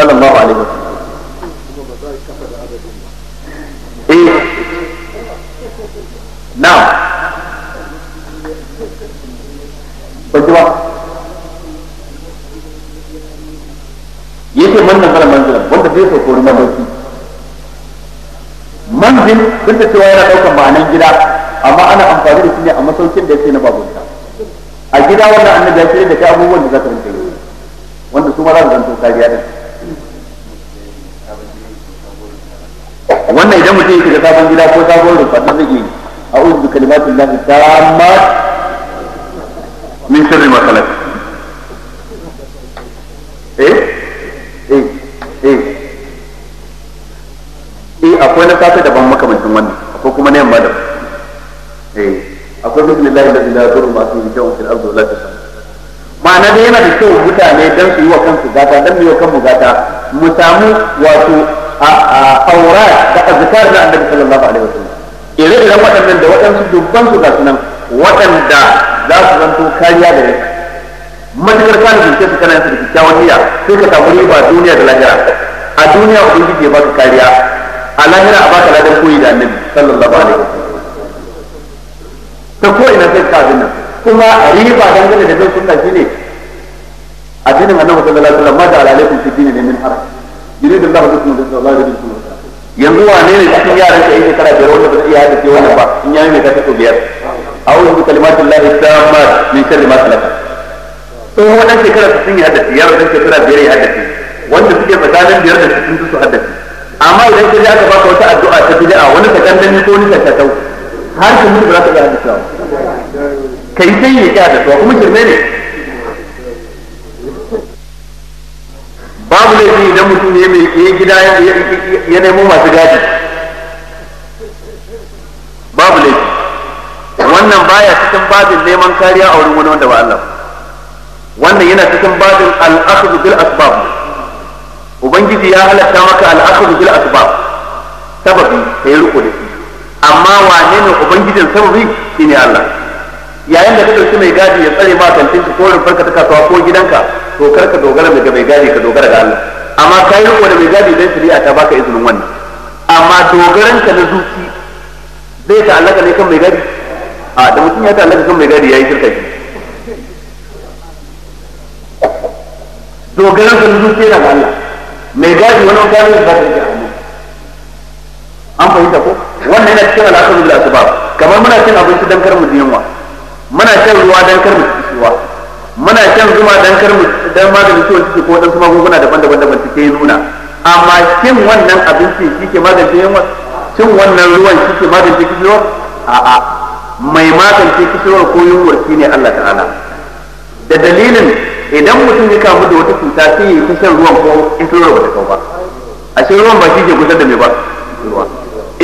sallallahu alaihi wasallam eh na'am ba ki ba yake mannan kala manzilan wanda zai so kori madauki manzil duk da cewa yana daukan ma'anan gida amma ana amfani da shi ne a masaukin da yake na babunta a gida wannan annabi ya shirya da kai abubuwan da za ka rinka yi wanda su ma za su zanto kariya din wannan idan mutum ya shiga sabon gida ko sabon rumfa zai iya yi أعوذ بكلمات الله التامات من شر ما خلق إيه إيه إيه إيه أقول لك هذا دبان ما كمان تمن أقول كمان يا مادر إيه أقول بسم الله الذي لا يضر ما فيه شيء في الأرض ولا في السماء ma'ana dai yana da kyau mutane don su yi wa kansu gata don mu yi wa kanmu gata mu samu wato a aura da ire-iren waɗannan da waɗansu dubban su gasu nan waɗanda za su zanto kariya da yanka matuƙar ka da bincike su kana su da kyakkyawan niyya sai ka samu riba duniya da lahira a duniya ubangiji ba su kariya a lahira a baka ladan koyi da annabi sallallahu alaihi wa ta ko ina sai ka abin nan kuma riba dangane da bin sunna shine addinin annabi sallallahu alaihi wasallam ma da alaikum fi dinin min haraj yuridu Allahu bikum sallallahu alaihi wasallam yanzu wane ne cikin yaran ka yake kara biyar wanda ba zai iya haddace wannan ba in ya mai kasa biyar a'udhu bi kalimati llahi tammat min sharri ma khalaqa to wannan shekara ta sun yi haddace yaran da shekara biyar ya haddace wanda suke fasalin biyar da sun su haddace amma idan ka aka baka wata addu'a ta bid'a wani ka dani ko ni ka ta har ka mutu ba za ka iya ka yi sai ya ki haddacewa kuma shirme ne babu laifi idan mutum ne mai ya gida ya nemo masu gadi babu laifi wannan baya cikin babin neman kariya a wurin wani wanda ba Allah wannan yana cikin babin al'akhd bil asbab ubangiji ya halatta maka al'akhd bil asbab sababi sai riko da shi amma wane ne ubangijin sababi shine Allah yayin da kake mai gadi ya tsare ma kantin ko rumfarka ta kasuwa ko gidanka to kar ka dogara daga mai gadi ka dogara ga Allah amma ka yi riko da mai gadi tsiri a ta baka izinin wannan amma dogaran ka na zuci zai ta'allaka ne kan mai gadi a da mutum ya ta'allaka kan mai gadi yayi shirka shi dogaran ka na zuci yana ga Allah mai gadi wani gadi ba ta an fahimta ko wannan yana cikin al'akarin da su ba kamar muna cin abinci don karmu mu yunwa muna cin ruwa don karmu mu muna shan zuma dan kar mu dan maganin ciwon ciki ko dan magunguna daban-daban da bincike ya nuna amma shin wannan abinci shi ke magance yunwa shin wannan ruwan shi ke magance a a'a mai magance kishirwar ko yunwar shi ne Allah ta'ala da dalilin idan mutum ya kamu da wata cuta sai ya ta shan ruwan ko in ba ta kau ba ashe ruwan ba shi ke kusa da mai ba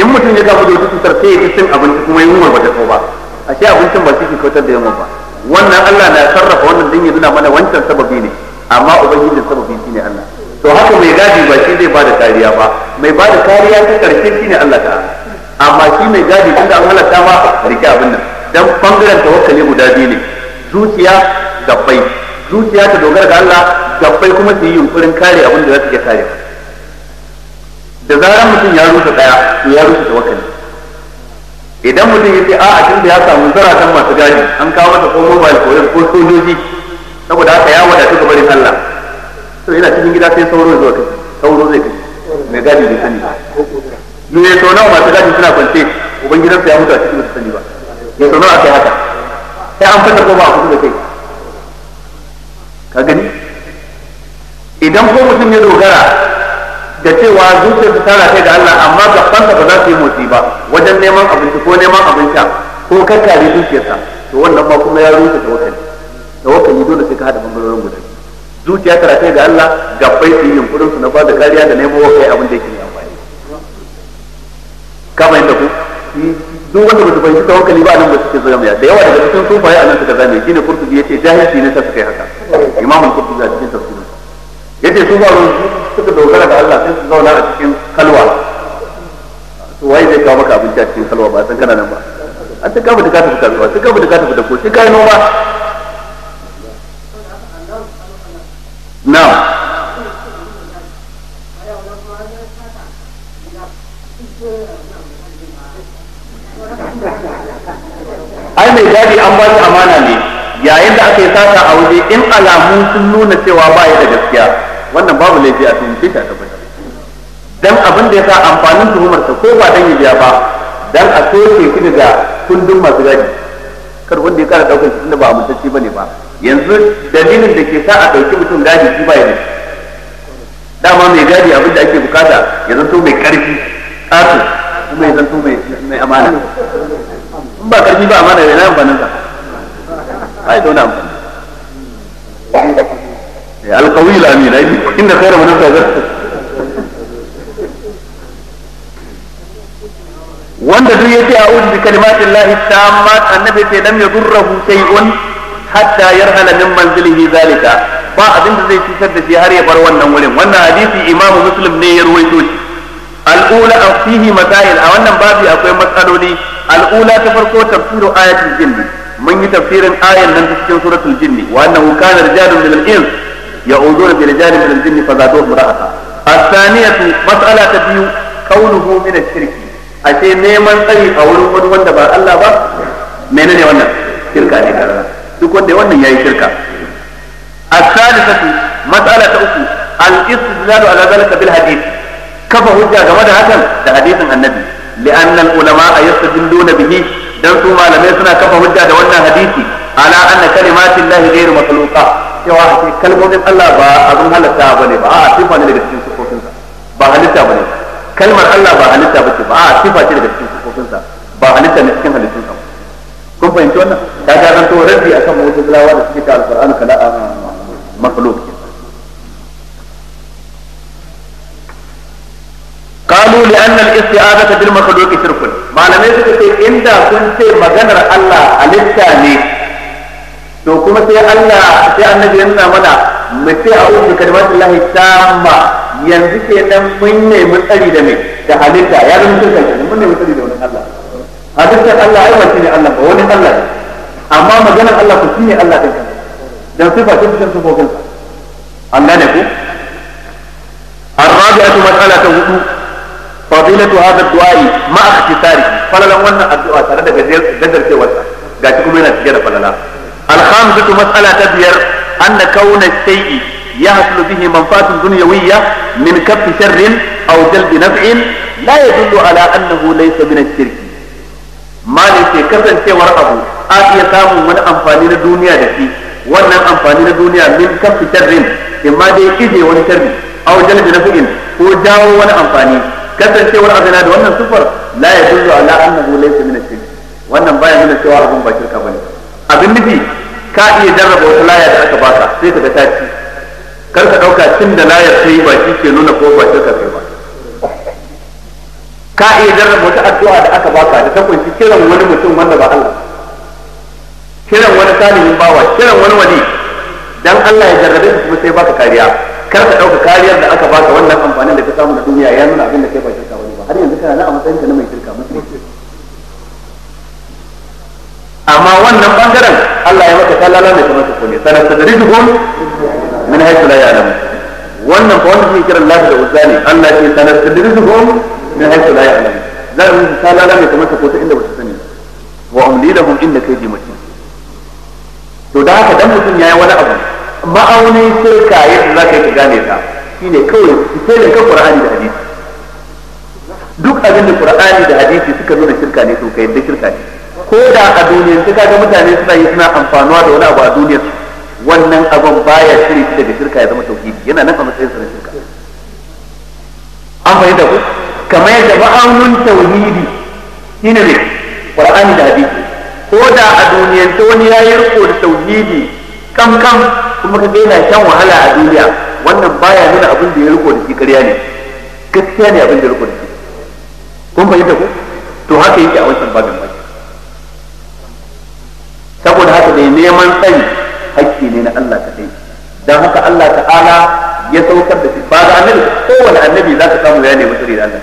in mutum ya kamu da wata cutar sai ya fi cin abinci kuma yunwar ba ta kau ba ashe abincin ba shi ke kautar da yunwar ba wannan Allah na sarrafa wannan din ya nuna mana wancan sababi ne amma ubangijin sababi shine Allah to haka mai gadi ba shi zai bada kariya ba mai bada kariya ta karshe shine Allah ta amma shi mai gadi tunda an halatta ma rike abin nan dan bangaren tawakkali guda biyu ne zuciya gabbai zuciya ta dogara ga Allah gabbai kuma su yi yunkurin kare abin da za su iya kare da zarar mutum ya rusa daya to ya rusa tawakkali idan mutum ya ce a a tun da ya samu zaratan masu gadi an kawo masa ko mobile ko ko sojoji saboda haka ya wadatu ga barin Allah to yana cikin gida sai sauro zuwa kai sauro zai kai mai gadi bai sani ne ya sau nawa masu gadi suna kwance sa ya mutu a cikin sani ba ya sau nawa kai haka sai an fata ko ba a kusa da kai ka gani idan ko mutum ya dogara da cewa zuciyar su tara kai da Allah amma gabansa ba za su yi motsi ba wajen neman abinci ko neman abinci ko kakkare zuciyarsa to wannan ba kuma ya rusa tawakkali tawakkali dole sai ka hada bangarorin guda zuciya tara kai da Allah gabbai su yi yunkurin su na ba da kariya da nemo wa kai abin da yake amfani kama inda ku duk wanda ba su fahimci tawakkali ba nan ba suke zo yamma da yawa daga cikin sufaye a nan suka zame shine kurtubi yace jahilci ne ta suka yi haka imamul kurtubi a cikin tafsirin yace su ba suka dogara ga Allah sai su zauna a cikin kalwa to wai zai kawo maka abinci a cikin kalwa ba san kana nan ba an ta kafa da ka tafi kasuwa ta kafa da ka da ko sai kai noma na ai mai gadi an ba shi amana ne yayin da aka yi sata a waje in alamun sun nuna cewa ba ya da gaskiya wannan babu laifi a cikin shi ta bata dan abin da ya sa amfanin tuhumar ta ko ba dan ya biya ba dan a soke shi daga kundin masu gadi kar wanda ya kara daukar shi tunda ba amintacce bane ba yanzu dalilin da ke sa a dauki mutum gadi shi ba ya da dama mai gadi abin da ake bukata ya zanto mai karfi ƙato kuma ya zanto mai amana in ba karfi ba amana ya na amfanin sa ai da wani amfani alqawil amina, ai inda khairu man tazakka wanda duk yace a'udhu bi kalimatin lahi ya annabi sai lam yadurruhu shay'un hatta yarhala min manzilihi zalika ba abin da zai cutar da shi har ya bar wannan wurin wannan hadisi imam muslim ne ya ruwaito shi al'ula a fihi masail a wannan babi akwai matsaloli al'ula ta farko tafsiru ayatul jinni mun yi tafsirin ayan nan cikin suratul jinni wa annahu kana rijalun min al-ins يعوذون برجال من الجن فزادوهم رهقا الثانية مسألة تبيو قوله من الشرك أشي نيمان أي قول من وند با الله با من ne wannan shirka ne karara duk wanda wannan yayi shirka الثالثة مسألة أخرى الاستدلال على ذلك بالحديث كفى حجة game da hakan da hadisin annabi لأن العلماء يستدلون به dan su malamai suna kafa hujja da wannan hadisi ala anna kalimatin lahi ghairu makhluqa cewa a ce kalmomin Allah ba abin halatta ba ne ba a sifa ne daga cikin sufofinsa ba halitta ba ne kalmar Allah ba halitta ba ce ba a sifa ce daga cikin sufofinsa ba halitta ne cikin halittun sa kun fahimci wannan ta ga ran to rabbi akan zulawa da suke ta alqur'ani kala a makhluq قالوا لأن الاستعاذة بالمخلوق شرك ما لم يكن عند كنت مغنر الله على الثاني to kuma sai Allah sai annabi yana mana mu sai a wuce kalmar Allah tamma yanzu ke dan mun ne mun tsari da mai da halitta ya zama cikin kalmar mun ne mun tsari da wani Allah halitta Allah ai wani ne Allah ba wani Allah ne amma maganar Allah ku shine Allah din dan sai ba ta cikin su gogon Allah ne ku arabiyatu mas'alatu hudu fadilatu hadha du'a'i ma'a ikhtisari falalan wannan addu'a tare da gajiyar gajarcewar ga kuma yana cike da falala الخامسة مسألة تبير أن كون الشيء يحصل به منفعة دنيوية من كف شر أو جلب نفع لا يدل على أنه ليس من الشرك ما ليس كفن سوى رأبه آتي سام من أنفاني الدنيا دكي wannan amfani na duniya min kafi sharrin imma dai ije wani sharri aw jalbi nafi'in ko jawo wani amfani kasancewar azina da wannan sufar la yadullu ala annahu laysa min ash-shirk wannan baya nuna cewa abun ba shirka bane abin nufi ka iya jarraba wata laya da aka baka sai ka ga ta ci kar ka ɗauka cin da layar ta yi baki ke nuna ko ba ka kai ba ka iya jarraba wata addu'a da aka baka da ta kunshi kiran wani mutum wanda ba Allah kiran wani salihin bawa kiran wani wani dan Allah ya jarrabe ka kuma sai baka kariya kar ka ɗauka kariyar da aka baka wannan amfanin da ka samu na duniya ya nuna abin da kai ba shirka wani ba har yanzu kana na a matsayin ka na mai shirka mutum amma wannan bangaren Allah ya maka kallala mai kuma su ne sanar tadrijuhum min haythu la ya'lamun wannan fa wanda ke kiran lafi da uzza ne Allah ke sanar tadrijuhum min haythu la ya'lamun za yi kallala mai kuma su ta inda ba su sani wa umli lahum inna kai matin to da haka dan mutum yayi wani abu sai ka yadda za ka yi gane ta shine kawai fitilin ka qur'ani da hadisi duk abin da qur'ani da hadisi suka zo da shirka ne to ka da shirka ne ko da a duniyar ka ga mutane suna yi suna amfanuwa da wani abu a duniyar wannan abin baya shiri shi daga shirka ya zama tauhidi yana nan a matsayin sa na shirka an fahimta ku kamar yadda ma'aunin tauhidi shine ne qur'ani da hadisi ko da a duniyar ta wani ya yi riko da tauhidi kam kam kuma ka yana shan wahala a duniya wannan baya nuna abin da ya riko da shi ƙarya ne gaskiya ne abin da ya riko da shi kun fahimta ku to haka yake a wancan babin neman tsari hakki ne na Allah kaɗai don haka Allah ta'ala ya saukar da shi ba ga annabi kowane annabi za ka samu ya nemi tsari da Allah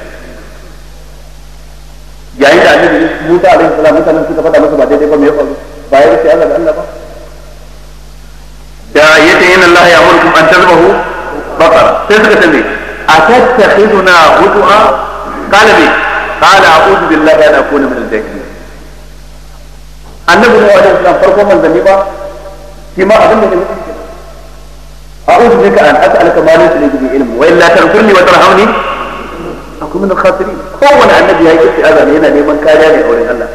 yayin da annabi Musa alaihi salam mutanen suka faɗa masa ba daidai ba me ya faru ba ya rufe Allah da Allah ba da yace inna Allah ya amurkum an tazbahu baqara sai suka tambaye atattakhiduna hudu'a qala bi qala a'udhu billahi an akuna min al-jahilin annabi ne wajen sunan farkon manzanni ba shi ma abin da ne mutum a a'udhu bika an as'aluka ma laysa li bi ilm wa illa tarkurni wa tarhamni a kuma na khasirin kowanne annabi ya yi istiaza ne yana neman kariya ne wurin Allah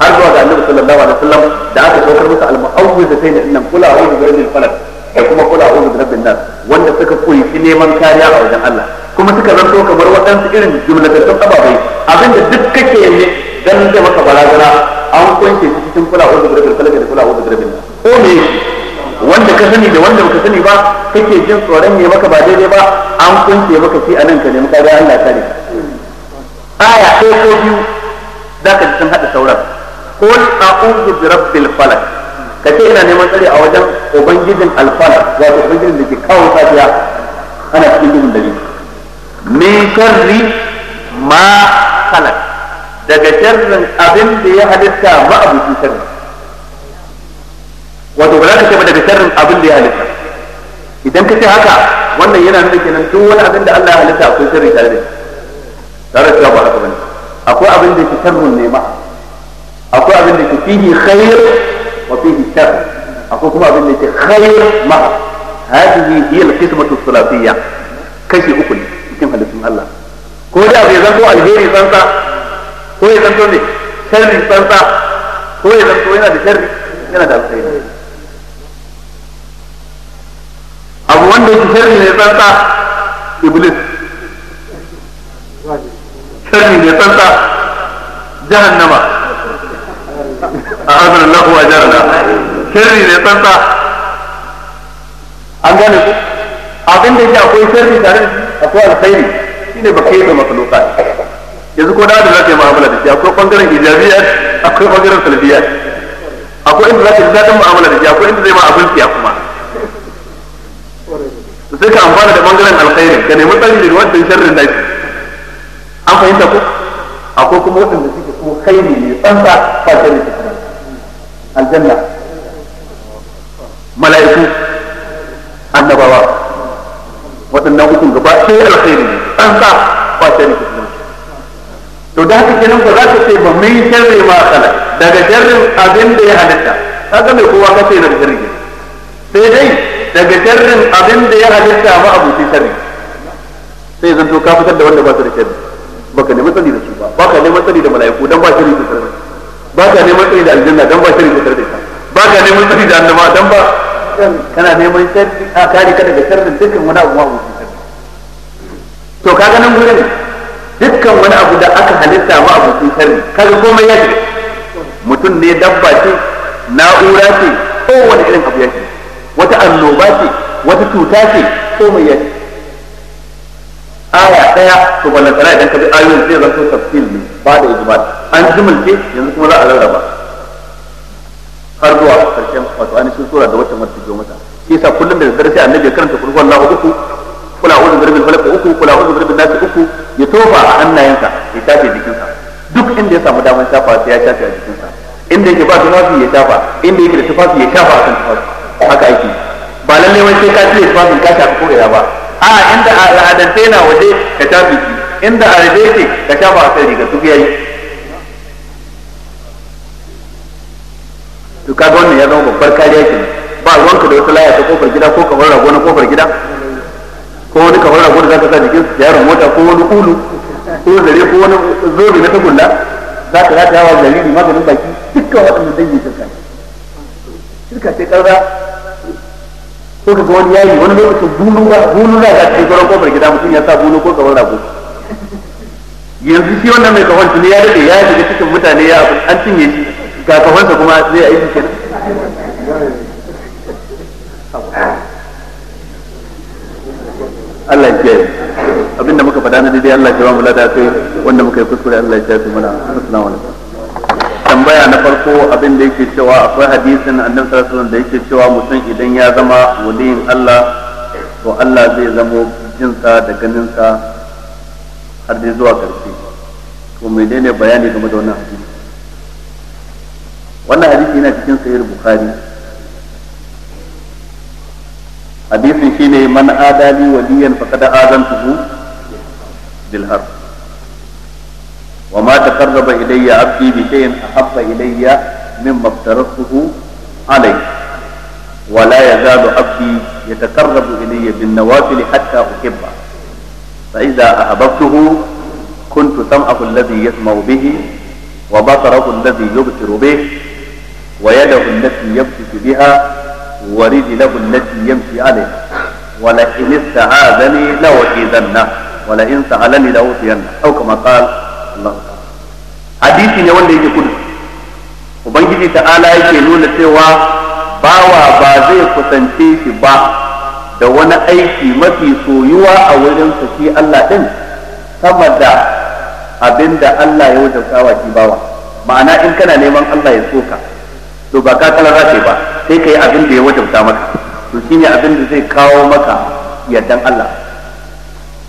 har zuwa ga annabi sallallahu alaihi wasallam da aka saukar masa al-mu'awwidhatayn innan qul a'udhu bi rabbil falaq da kuma qul a'udhu bi rabbin nas wanda suka koyi shi neman kariya a wajen Allah kuma suka zanto kamar waɗansu irin jumlatattun ababai abinda duk kake ne dan da maka barazana an kunce cikin kula wa zubiratul falaka da kula wa zubiratul ko me wanda ka sani da wanda baka sani ba kake jin tsoron ne maka ba daidai ba an kunce maka shi anan ka nemi kariya Allah kare aya ko ko biyu zaka ji sun hada sauran qul a'udhu birabbil falaq kace ina neman tsari a wajen ubangijin al-falaq wato ubangijin da ke kawo safiya ana cikin duhun dare min sharri ma khalaq daga sharrin abin da ya halitta ma'abuci sharri wato ba za ka ce ba daga sharrin abin da ya halitta idan ka ce haka wannan yana nuna kenan duk wani abin da Allah ya halitta akwai sharri tare da tare da ba haka bane akwai abin da ke sharrun ne ma akwai abin da ke fihi khair wa fihi shar akwai kuma abin da ke khair ma hadihi hiya al-qismatu thulathiyya kashi uku ne cikin halittun Allah ko da bai zanto alheri tsantsa ko ya zanto ne sharri tsantsa ko ya zanto yana da sharri yana da alkhairi abu wanda yake sharri ne tsantsa iblis sharri ne tsantsa jahannama a azan Allah wa jarra sharri ne tsantsa an gane ku abin da yake akwai sharri tare da akwai alkhairi shine baka yi da makhluqa yanzu ko da za ka yi mu'amala da shi akwai bangaren ijabiyar akwai bangaren salbiyar akwai inda za ka yi daɗin mu'amala da shi akwai inda zai ma abin siya kuma sai ka amfana da bangaren alkhairin ka nemi tsari daga wancan sharrin da shi an fahimta ko akwai kuma waɗanda suke kuma kai ne mai tsanta ta sharri ta aljanna mala'iku annabawa waɗannan hukun gaba sai alkhairi ne tsanta ba sharri ta to da haka kenan ba za ka ce ba mai sharri ma a daga sharrin abin da ya halitta kaga mai kowa ka ce daga sharri sai dai daga sharrin abin da ya halitta ma abuci sharri sai zan to ka fitar da wanda ba su da ba ka nemi tsari da su ba ka nemi tsari da mala'iku dan ba sharri da ba ka neman tsari da aljanna dan ba sharri da ba ka neman tsari da annaba dan ba kana neman sharri a kare ka daga sharrin dukkan wani abu ma abuci sharri to ka nan gurin dukkan wani abu da aka halitta ma abu sun sani kaga komai ya ce mutum ne dabba ce na'ura ce ko wani irin abu ya ce wata annoba ce wata cuta ce komai ya ce aya daya to wannan sana idan ka bi ayoyin zan so tafsir ne ba da ijma an jimilce yanzu kuma za a rarraba har zuwa karshen wato ainihin sura da wacce mata ke mata shi yasa kullum da darasi annabi ya karanta kulhu Allahu uku kula uzu birbin falak uku kula uzu birbin nasi uku ya tofa a hannayensa ya shafe jikinsa duk inda ya samu damar shafa sai ya tafi a jikinsa inda yake ba tufafi ya shafa inda yake da tufafi ya shafa a kan tufafi haka ake ba lallai wai sai ka cire tufafin ka shafa ko ina ba a inda a al'adance na waje ka tafi shi inda a rabe yake ka shafa a kan riga duk yayi to kaga wannan ya zama babbar kariya kenan ba ruwanka da wata laya ta kofar gida ko kamar rago na kofar gida ko wani kamar rago da zaka sa jikin yaron mota ko wani ulu ko zare ko wani zobe na tagulla za ka zata yawa jariri maganin baki dukkan waɗanda dangi shirka ne shirka sai ƙarra ko ka ga wani yayi wani lokacin bulula bulula za ta yi gwaron kofar gida mutum ya sa bulu ko kamar rago yanzu shi wannan mai kafan tuni ya daɗe ya shiga cikin mutane ya an cinye shi ga kawonsa kuma zai aiki kenan Allah ya kiyaye abinda muka faɗa na daidai Allah ya ba mu lada kai wanda muka yi kuskure Allah ya kiyaye mana assalamu alaikum tambaya na farko abin da yake cewa akwai hadisin annabi sallallahu alaihi wasallam da yake cewa mutum idan ya zama waliyin Allah to Allah zai zamo sa da ganinsa har dai zuwa ƙarshe to menene bayani game da wannan hadisi wannan hadisi yana cikin sahih bukhari hadisin shine man adali waliyan faqad azantuhu bil harb wa ma taqarraba ilayya abdi bi shay'in ahabba ilayya mimma aftaratuhu alayhi wa la yazalu abdi yataqarrabu ilayya bin nawafil hatta uhibba fa idza ahabbtuhu kuntu sam'ahu alladhi yasma'u bihi wa basarahu alladhi yubsiru bihi wa yadahu allati yabtisu biha له التي يمشي عليها ولئن استعاذني لوحيدنه ولئن سألني لأوصينه أو كما قال الله تعالى حديث يقول لي يقول وبنجي تعالى يقول سوى باوى بازي قسنتي با da wani aiki mafi soyuwa a wurin shi Allah ɗin sama da abin da Allah ya wuce kawaki bawa ma'ana in kana neman Allah ya so ka to ba ka sai ka yi abin da ya wajabta maka to ne abin da zai kawo maka yardan Allah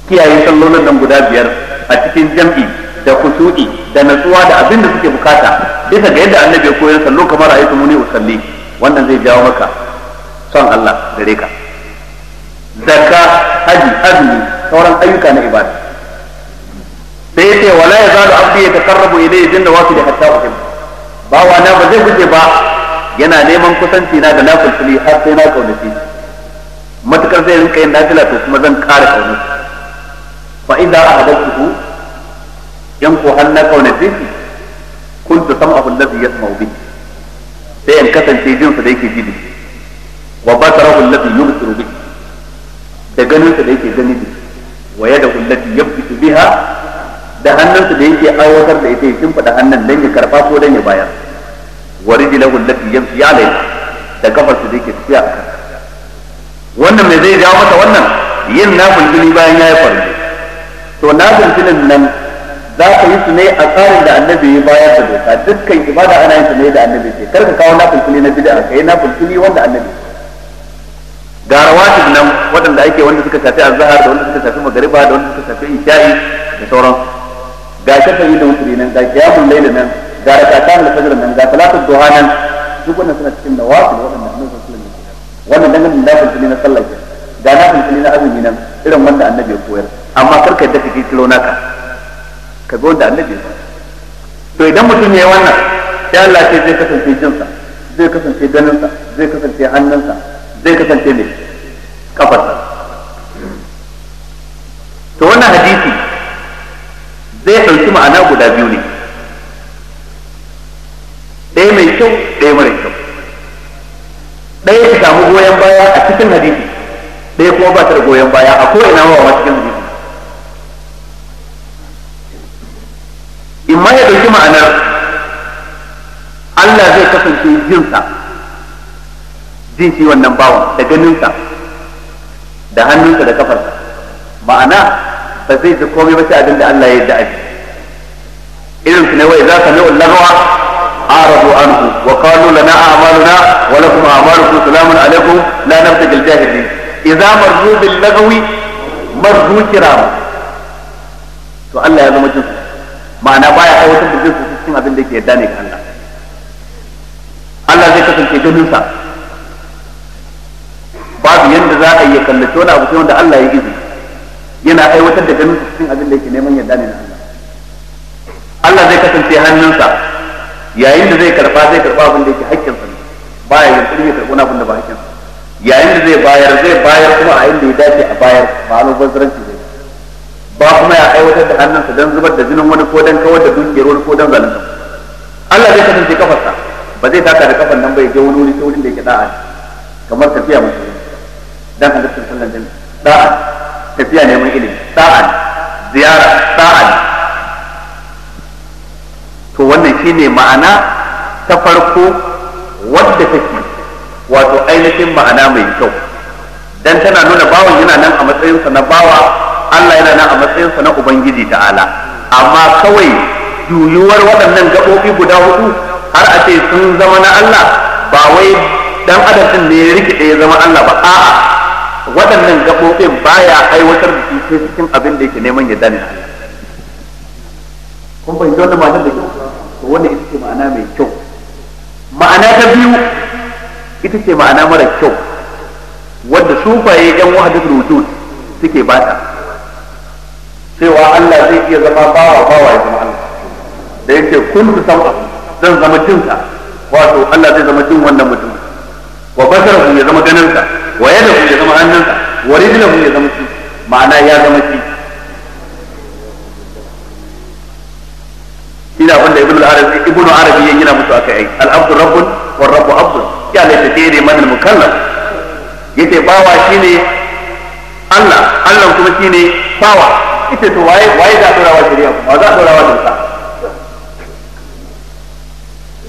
kiyaye sallolin nan guda biyar a cikin jam'i da kusudi da natsuwa da abin da suke bukata bisa ga yadda annabi ya koyar sallo kamar ayyuka muni usalli wannan zai jawo maka son Allah gare ka zakka haji azumi sauran ayyuka na ibada sai yace wala yazalu abdi yatakarrabu ilayya jinna wa hatta ba wa na ba zai guje ba yana neman kusanci na da na kulkuli har sai na kaunace matukar zai rinka yin nafila to kuma zan ƙara kaunace fa idza ahadatuhu yan ko har na kaunace shi kuntu sam'ahu allazi yasma'u bihi sai in kasance jin sa da yake ji wa basarahu allazi yubsiru bihi da ganin sa da yake gani bihi wa yadahu allati yabtu biha da hannunsa da yake aiwatar da ita ya da hannun dan ya karba ko dan ya bayar wa rijlahu allati yamshi alayha da kafarsa da yake tafiya wannan me zai jawo mata wannan yin nafilfili bayan yayi farko to nafilfilin nan za ka yi su ne a tsarin da annabi ya bayar da doka dukkan ibada ana yin su ne da annabi ce kar ka kawo nafilfili na bid'a kai nafilfili wanda annabi ga rawatib nan waɗanda ake wanda suka shafi azhar da wanda suka shafi magariba da wanda suka shafi isha'i da sauran ga yi da wutri nan ga qiyamul layl nan da rakatan da fajr nan ga salatu duha nan duk wannan suna cikin nawafil waɗanda nan sun alaihi wannan dangane da nafil ne na sallah ke ga nafil ne na azumi nan irin wanda annabi ya koyar amma karka da kake kiro naka ka ga wanda annabi ya to idan mutum ya yi wannan sai Allah ce zai kasance jinsa zai kasance ganinsa zai kasance hannunsa zai kasance mai kafarsa to wannan hadisi zai ɗauki ma'ana guda biyu ne ɗaya mara kyau ɗaya ta samu goyon baya a cikin hadisi ɗaya kuma ba ta da goyon baya a ko ina wa cikin hadisi in ma ya ɗauki ma'anar Allah zai kasance jinsa jin shi wannan bawan da ganinsa da hannunsa da kafarsa ma'ana ba zai ji komai ba sai abin da Allah ya yi da irin su ne wai za ka mai rawa? أعرضوا عنه وقالوا لنا أعمالنا ولكم أعمالكم سلام عليكم لا نبتغي الجاهلين إذا مرضوا باللغو مرضوا كراما to Allah ya zama jinsu ma'ana baya aiwatar da jinsu cikin abin da yake yadda ne ga Allah Allah zai kasance ganinsa babu yadda za a iya kallace wani abu sai wanda Allah ya izini yana aiwatar da ganinsa cikin abin da yake neman yadda ne na Allah Allah zai kasance hannunsa yayin da zai karba zai karba abin da yake hakkin sa ba ya yi ya karbi abin da ba hakkin yayin da zai bayar zai bayar kuma a inda ya dace a bayar ba a almubazzaranci zai ba kuma ya aiwatar da hannunsa don zubar da jinin wani ko don kawar da dukiyar wani ko don zalunta Allah zai kasance kafarsa ba zai taka da kafan nan bai je wani wuri ta wurin da yake da'a kamar tafiya mutum dan halittar sallan jami'a da'a tafiya neman ilimi da'a ziyara da'a to wannan shine ma'ana ta farko wadda take wato ainihin ma'ana mai kyau dan tana nuna bawan yana nan a matsayinsa na bawa Allah yana nan a matsayinsa na ubangiji ta'ala amma kawai yuyuwar waɗannan gaɓoɓi guda hudu har a ce sun zama na Allah ba wai dan adadin ne ya rikide ya zama Allah ba a'a waɗannan gaɓoɓin baya aiwatar da shi cikin abin da yake neman ya danna kun fahimci wannan ma'anar da kyau wanda ita ce ma'ana mai kyau ma'ana ta biyu ita ce ma'ana mara kyau wadda sufaye yan wahadatul wujud suke bata cewa Allah zai iya zama bawa bawa ya zama Allah da yake kun san abu zan zama jinka wato Allah zai zama jin wannan mutum wa basara ya zama ganinka wa yadahu ya zama hannunka wa rijlahu ya zama shi ma'ana ya zama shi ina wanda ibnu arabi ibnu arabi ya gina musu akai ai al abdu rabbun war rabbu abdu ya la tadiri man mukallaf yace bawa shine Allah Allah kuma shine bawa ita to waye waye da dorawa shari'a wa za dorawa da sa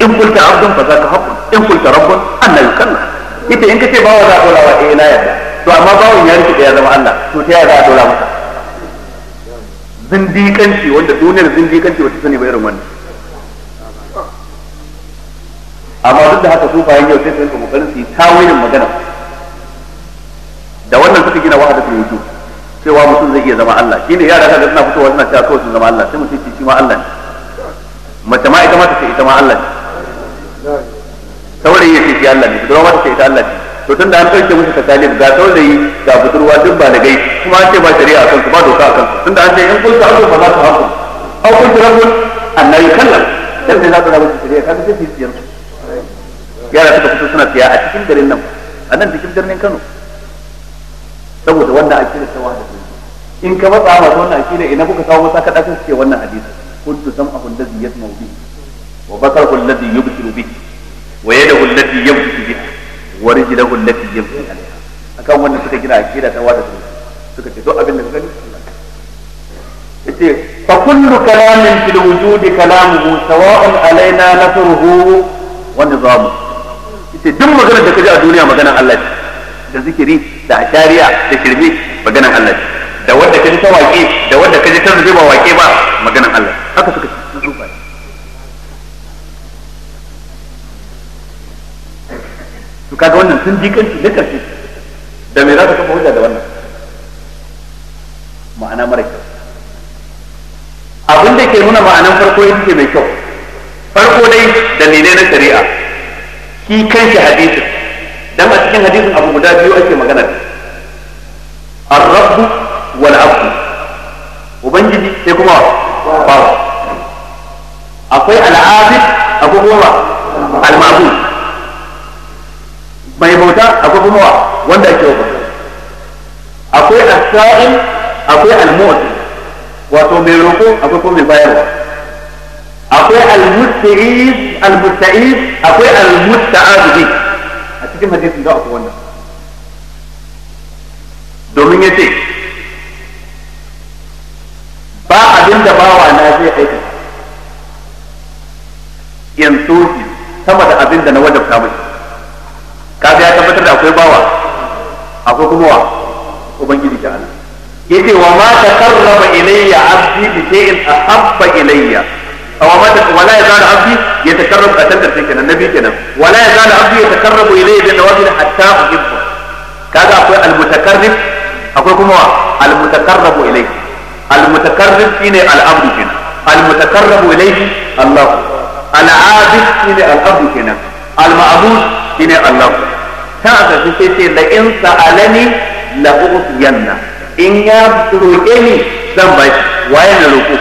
in kulta abdun fa zaka hakku in kulta rabbun anna yukallaf ita in kace bawa za dorawa eh na yadda to amma bawon ya rike ya zama Allah to ta ya za dora maka Zindikanci wanda duniyar zindikanci ba ta sani ba irin wannan amma duk da haka su bayan yau sai su rinka su yi tawilin magana da wannan suka gina wahada ta sai cewa mutum zai iya zama Allah shine yara kaga suna fitowa suna cewa kawai sun zama Allah sai mutum ce shi ma Allah ne mace ma ita ma ta ce ita ma Allah ne saurayi ya ce shi Allah ne budurwa ma ta ce ita Allah ne to tun da an ɗauke musu takalif ga saurayi ga budurwa duk ba da gai kuma an ce ba shari'a akan su ba doka akan su tun da an ce in kun samu ba za su haku au kun ji rabbul annabi kallan dan da za su rabu shari'a kaga sai su yi su yara suka fito suna siya a cikin garin nan a nan cikin birnin Kano saboda wanda wannan akida ta wahada in ka matsa masu wannan akida ina kuka kawo masa ka dakin suke wannan hadisi kuntu sam'ahu alladhi yasma'u bihi wa basarahu alladhi yubsiru bihi wa yadahu alladhi yamshi bi. wa rijlahu allati yamshi alaiha akan wanda suka gina akida ta wada suka ce duk abin da gani yace fa kullu kalamin fil wujud kalamuhu sawa'un alaina nasruhu wa nizamu yace duk maganar da kaji a duniya maganar Allah ce da zikiri da ashariya da shirme maganar Allah ce da wanda kaji ta waƙe da wanda kaji ta zube ba waƙe ba maganar Allah haka suka ce kaga wannan sun kanci na karshe da me za ka kafa hujja da wannan ma'ana mara kyau abin da ke nuna ma'anan farko ita ce mai kyau farko dai dalilai na shari'a shi kanshi hadisin dan a cikin hadisin abu guda biyu ake magana ar-rabbu wal abdu ubangiji sai kuma Wa. akwai al-abid akwai kuma al-ma'bud mai bauta akwai kuma wanda ake wa akwai asa'il akwai almoti wato mai roƙo akwai kuma mai bayarwa akwai al-musta'iz akwai al a cikin hadisin da akwai wannan domin yace ba abin da bawa na zai aiki yanzu sama da abin da na wajabta mai kaga ya tabbatar da akwai bawa akwai kuma wa ubangiji ta Allah yace wa ma ta karraba ilayya abdi bi shay'in ahabba ilayya aw ma ta wala ya zala abdi ya yatakarrabu a tantar sai kenan nabi kenan wala ya zala abdi ya takarrabu ilayya bi nawafil hatta uhibbu kaga akwai al mutakarrib akwai kuma wa al mutakarrabu almutakarrabu ilayhi almutakarrib shine al'abdu kenan al mutakarrabu ilayhi Allah al al'abid shine al'abdu kenan al-ma'bud shine Allah ta aka su sai ce la in sa'alani la yanna in ya roƙe ni zan bai waye na roƙo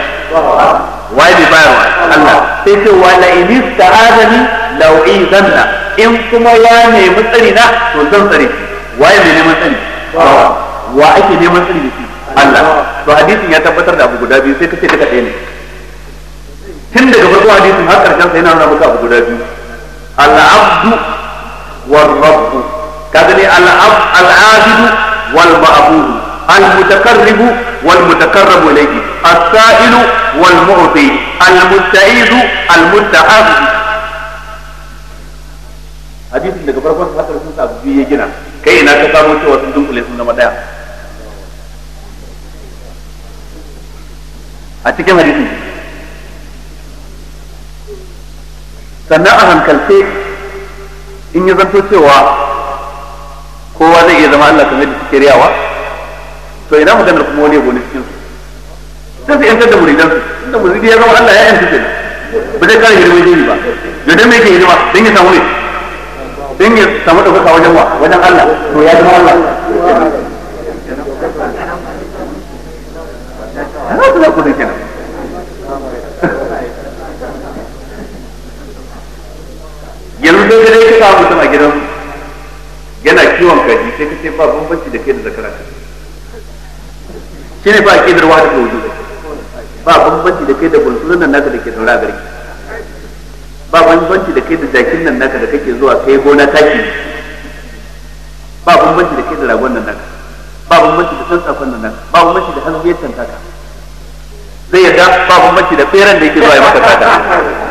waye bai wa? Allah sai ce wa la in sa'alani la uizanna in kuma ya nemi tsari na to zan tsare waye mai neman tsari wa ake neman tsari da shi Allah to hadisin ya tabbatar da abu guda biyu sai kace duka ɗaya ne tun daga farko hadisin har karshen sai na nuna maka abu guda biyu العبد والرب كذلك العبد العابد والمعبود المتكرب والمتكرب إليه السائل والمعطي المستعيذ المتعب حديث ده كبر كون فاتر كون تابو بيي جينا كاي نا كتابو تو سن دون كلي سن مدايا اتي كان حديث sannan a hankalce in yi zanto cewa kowa zai iya zama Allah kamar da suke riyawa to ina maganar kuma wani yabo ne cikin su sai su yantar da muridan su inda muridi ya zama Allah ya yanta kenan ba zai kare hidimar jini ba da dan mai ke hidima don ya samu ne don ya samu ɗaukaka wajen wa wajen Allah to ya zama Allah ana su za ku zai kenan ka ga dai ka kawo mutum a gidan yana kiwon kaji sai ka ce ba bambanci da kai da zakara ka shine fa akidar da ta wujud ba bambanci da kai da bunsunan nan naka da ke daura gari ba bambanci da kai da jakin nan naka da kake zuwa kai gona taki ba bambanci da kai da ragon nan naka ba bambanci da san safan nan naka ba bambanci da hanzuyar tantaka zai yarda ba bambanci da tseren da yake zuwa ya maka tsada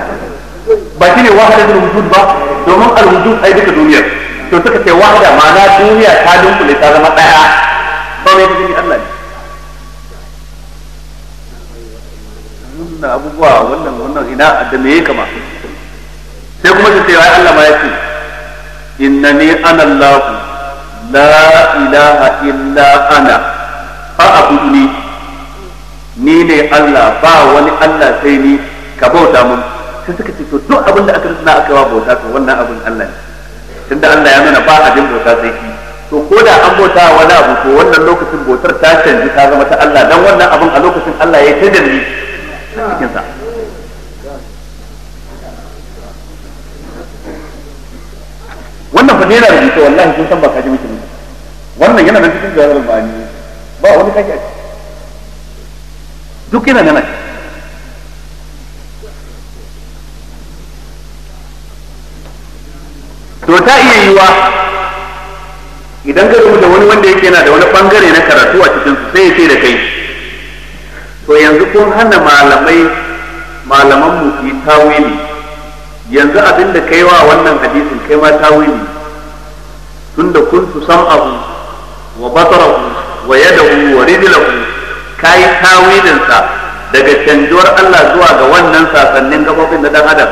ba shine da wujud ba domin al wujud ai duka duniyar to suka ce wahada ma'ana duniya ta dunkule ta zama daya ba mai gani Allah ne wannan abubuwa wannan wannan ina da me kama sai kuma su ce ai Allah ma yake innani ana Allah la ilaha illa ana fa abudni ni ne Allah ba wani Allah sai ni ka bauta mun sai suka ce to duk abin da aka nuna aka wa bauta to wannan abin Allah ne tunda Allah ya nuna ba abin bauta sai shi to ko da an bauta wa wani abu to wannan lokacin bautar ta canji ta zama ta Allah dan wannan abin a lokacin Allah ya tajalli a cikin sa wannan fa yana rubuta wallahi kun san ba ka ji miki wannan yana nan cikin jawabin ni ba wani kake duk yana nan to ta iya yiwa idan ka rubuta wani wanda yake yana da wani bangare na karatu a cikin sai ya ce da kai to yanzu kun hana malamai malaman mu yi tawili yanzu abin da kai wa wannan hadisin kai ma tawili tunda san abu wa basarahu wa yadahu wa rijlahu kai yi tawilinsa daga canjuwar Allah zuwa ga wannan sasannin gabobin na dan adam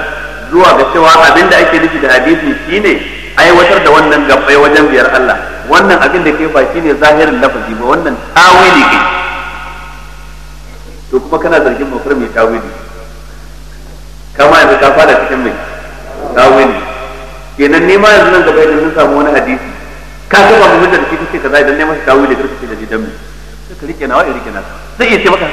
zuwa ga cewa abin da ake nufi da hadisi shine aiwatar da wannan gabbai wajen biyar Allah wannan abin da ke ba ne zahirin lafazi ba wannan tawili kai to kuma kana zargin mafar mai tawili kama yanzu ka fara cikin mai tawili kenan ne ma yanzu nan gaba idan mun samu wani hadisi ka ga ba mu da shi kace kaza idan ne masa tawili karka ce da jidan dan sai ka rike nawa ya rike naka zai iya ce maka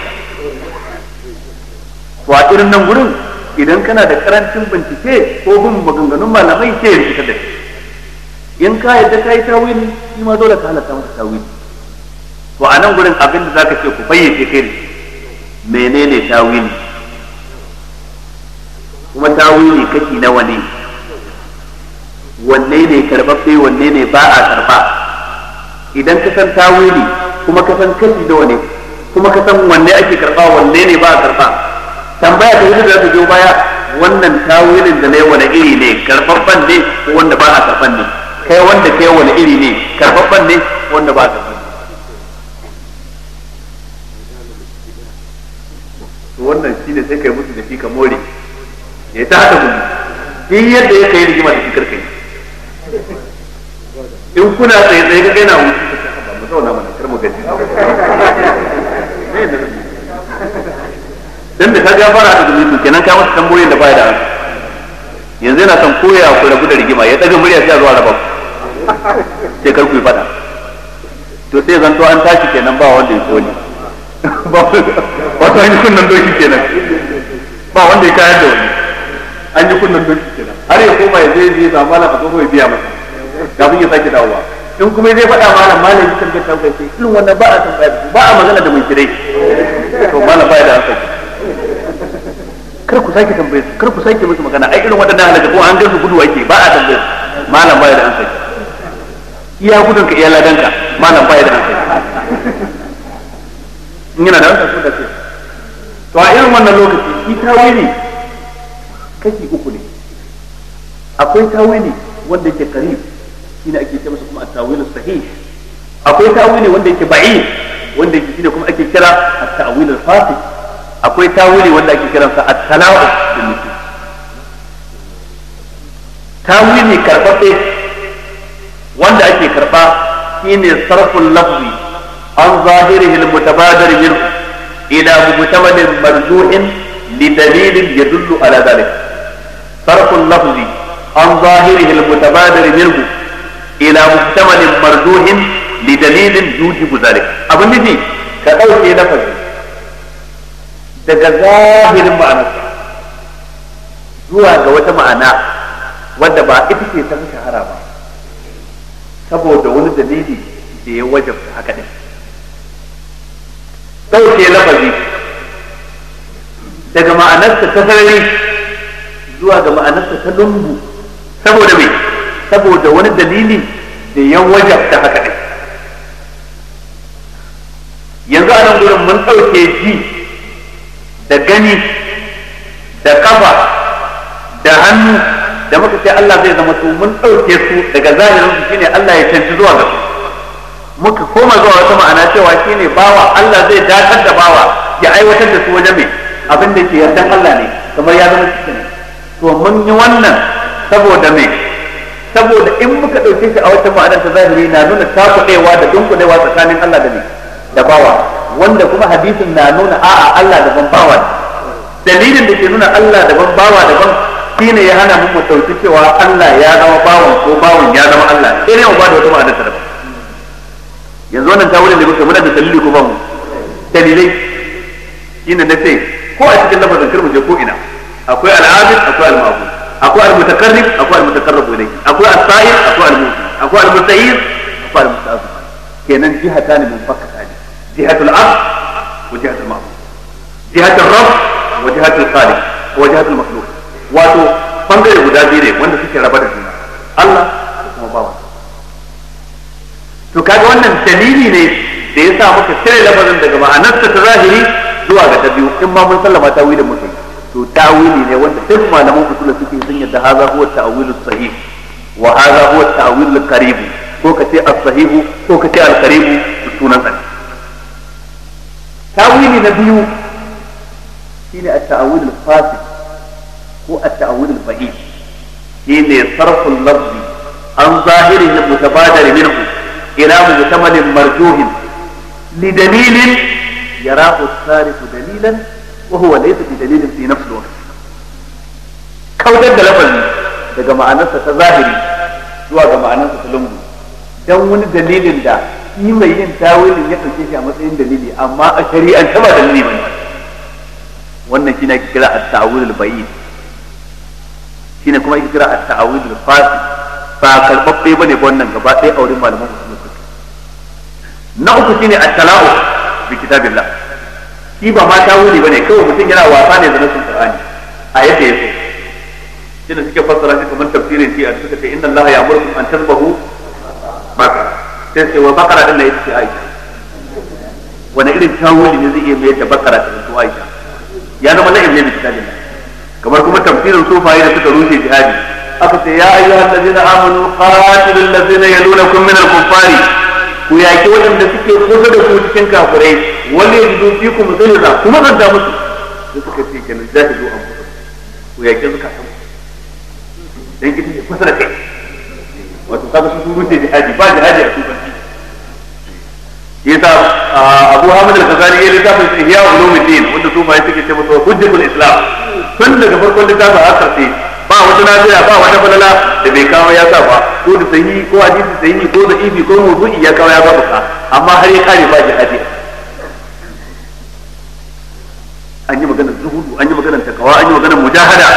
to a irin nan gurin idan kana da karancin bincike ko bin maganganun malamai ke yin da da in ka yadda ka yi tawili shi ma dole ka halatta masa tawili to a nan gurin abin da ka ce ku fayyace kai menene tawili kuma tawili kashi nawa ne wanne ne karɓaɓɓe wanne ne ba a karɓa idan ka san tawili kuma ka san kashi da ne kuma ka san wanne ake karɓa wanne ne ba a karɓa tambaya ta yadda za ta biyo baya wannan tawilin da na yi wani iri ne karfafan ne ko wanda ba a karfan ne kai wanda kai wani iri ne karfafan ne wanda ba a karfan ne wannan shi ne sai kai musu da shi ka more ya ta haka gudu shi yadda ya kai rigima da shi karkai in kuna tsaye tsaye ga gaina wuce ta ba mu zauna mana kar gaji ne dan da ka ga fara da zubi kenan ka masa tambayoyin da bai da amsa yanzu yana son koya ku rabu da rigima ya daga murya sai zuwa raba sai kar ku fada to sai zan to an tashi kenan ba wanda ya ni ba wato an yi kunnan doki kenan ba wanda ya kayar da wani an yi kunnan doki kenan har ya koma ya zai zai samu malam a zo ya biya masa kafin ya sake dawowa in kuma zai faɗa malam malam ya tambaye tambaye sai irin wannan ba a tambaya ba a magana da mun kirai to malam ba ya da hankali kar ku sake tambaye su kar ku sake musu magana ai irin waɗannan halaka ko an gansu gudu ake ba a tambaye su malam baya da hankali iya gudun ka iya ladan ka malam baya da hankali in yana da ansa sun da ce to a irin wannan lokaci shi tawili kashi uku ne akwai tawili wanda yake shi ne ake ce masa kuma at-tawilu sahih akwai tawili wanda yake ba'i wanda yake ne kuma ake kira at-tawilu fasih akwai tawili wanda ake kiransa a talau bil nusus tawili karbabe wanda ake karba shine sarful lafzi an zahirihi al-mutabadir min ila mutamadin marzu'in li dalilin yadullu ala dhalik sarful lafzi an zahirihi al-mutabadir minhu ila mutamadin marzu'in li dalilin yujibu dhalik abin nufi ka dauke lafazi daga zahirin ma'anarsa zuwa ga wata ma'ana wadda ba ita ce ta shahara ba saboda wani dalili da ya wajabta haka ɗin ɗauke lafazi daga ma'anarsa ta sarari zuwa ga ma'anarsa ta lungu saboda mai saboda wani dalili da ya wajabta haka ɗin yanzu a nan gurin mun ɗauke ji da gani da kafa da hannu da muka ce Allah zai zama su mun ɗauke su daga zahirin su shine Allah ya canci zuwa ga su muka koma zuwa wata ma'ana cewa shine bawa Allah zai dakar da bawa ya aiwatar da su waje mai abin da ke yardan Allah ne kamar ya zama cikin to mun yi wannan saboda mai saboda in muka ɗauke shi a wata ma'ana ta zahiri na nuna takuɗewa da dunkulewa tsakanin Allah da mai da bawa wanda kuma hadisin na nuna a'a Allah daban bawa dalilin da ke nuna Allah daban bawa daban shine ya hana mu mu sauki cewa Allah ya zama bawan ko bawan ya zama Allah sai ne mu ba da wata ma'anar ta daban yanzu wannan ta wurin da muke muna da dalili ko ba mu dalilai shine na ce ko a cikin lafazin kirmu je ko ina akwai al'abid akwai al-ma'bud akwai al-mutakarrib akwai al-mutakarrab ilayhi akwai as-sa'id akwai al-mu'min akwai al-musta'id akwai al-musta'id kenan jihata ne mun fakka جهة العبد وجهة المعبود جهة الرب وجهة الخالق وجهة المخلوق واتو bangare guda biyu ne wanda suke raba da juna Allah da kuma bawa to kaga wannan dalili ne da ya yasa muka cire lafazin daga ma'anarsa ta zahiri zuwa ga ta biyu in ma mun sallama tawilin mutum to tawili ne wanda duk malaman usul suke sun yadda haza huwa ta'wilus karibu ko kace as-sahihu ko kace al-qarib sunan sa تأويل نبيه هنا التأويل الفاسد هو التأويل الفهيم هنا صرف اللفظ عن ظاهره المتبادر منه إلى مؤتمن مرجوه لدليل يراه الثالث دليلا وهو ليس بدليل في نفس الوقت kaudar da lafazi daga ma'anarsa ta zahiri zuwa ga ma'anarsa ta lungu don wani dalilin da shi mai yin tawilin ya ɗauke shi a matsayin dalili amma a shari'an ba dalili bane wannan shi ne na kira at-ta'awil al Shi ne kuma ake kira at-ta'awil fasi ba karbabbe bane ba wannan gaba ɗaya auren malaman usulul fiqh na uku ne at-tala'u bi kitabillah shi ba ma tawili ne kawai mutum yana wasa ne da nasin qur'ani a yadda yake ne suke fassara shi kamar tafsirin shi a suka ce inna allaha ya'murukum an tasbahu baka sai sai wa bakara din na ita ce aisha wani irin tawuli ne zai iya mayar da bakara ta zanto aisha ya zama na ibn misalin kamar kuma tafsirin sufaye da suka rushe jihadi aka ce ya ayyuhal ladina amanu qatilul ladina yalunakum min al-kuffari ku yaki waɗanda suke kusa da ku cikin kafirai wani yajidu fikum ghilza kuma zan zanta musu da suka ce kenan jahidu an ku yaki zakatan dan kiti kusa da kai wato kaga su sun rufe jihadi ba jihadi a shugabanci yasa Abu Hamid al-Ghazali ya littafin Ihya Ulumuddin wanda su ma suke ce masa hujjatul Islam tun daga farkon littafin har karshe ba wata nafiya ba wata falala da bai kawo ya sa ba ko da sahihi ko hadisi sahihi ko da ibi ko mawdu'i ya kawo ya ba ka amma har ya kare ba jihadi an yi maganar zuhudu an yi maganar takawa an yi maganar mujahada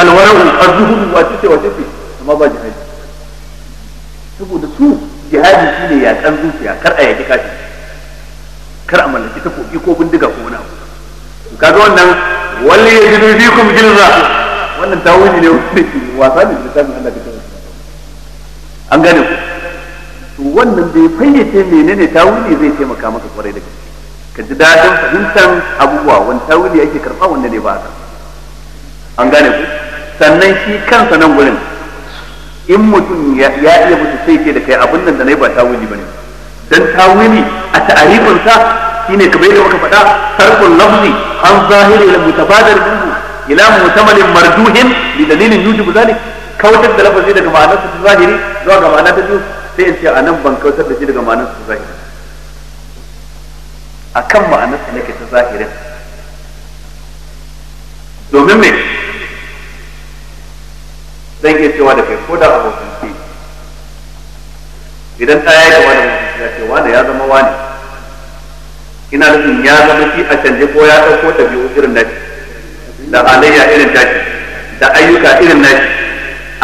alwara'u az-zuhudu wa tace wa tace amma ba jihadi saboda su jihadi shine yakan zuciya kar a yaki kafi kar a mallaki kofi ko bindiga ko wani abu kaga wannan walli yajidu fikum jilza wannan tawuni ne wanda ke wasa ne da tsamin Allah ta an gane ku to wannan bai fayyace menene tawuni zai taimaka maka kwarai da gaske ka ji dadin fahimtar abubuwa wani tawuni yake karba wanda ne ba ka an gane ku sannan shi kansa nan gurin in mutum ya iya mutu sai ce da kai abin nan da yi ba tawili bane dan tawili a ta'arifin sa shine kamar yadda muka faɗa sarful lafzi an zahiri la mutabadir minhu ila mutamalin marduhin li dalilin yujibu zalik kautar da lafazi daga ma'anar ta zahiri zuwa ga ma'anar ta biyu sai in ce a nan ban kautar da shi daga ma'anar ta zahiri akan ma'anar sa nake ta zahirin domin me zan iya cewa da kai ko da ce idan ta yi gaba da mutum ya ce wani ya zama wani ina da ya zama shi a canje ko ya ɗauko biyu irin na da alayya irin tashi da ayyuka irin na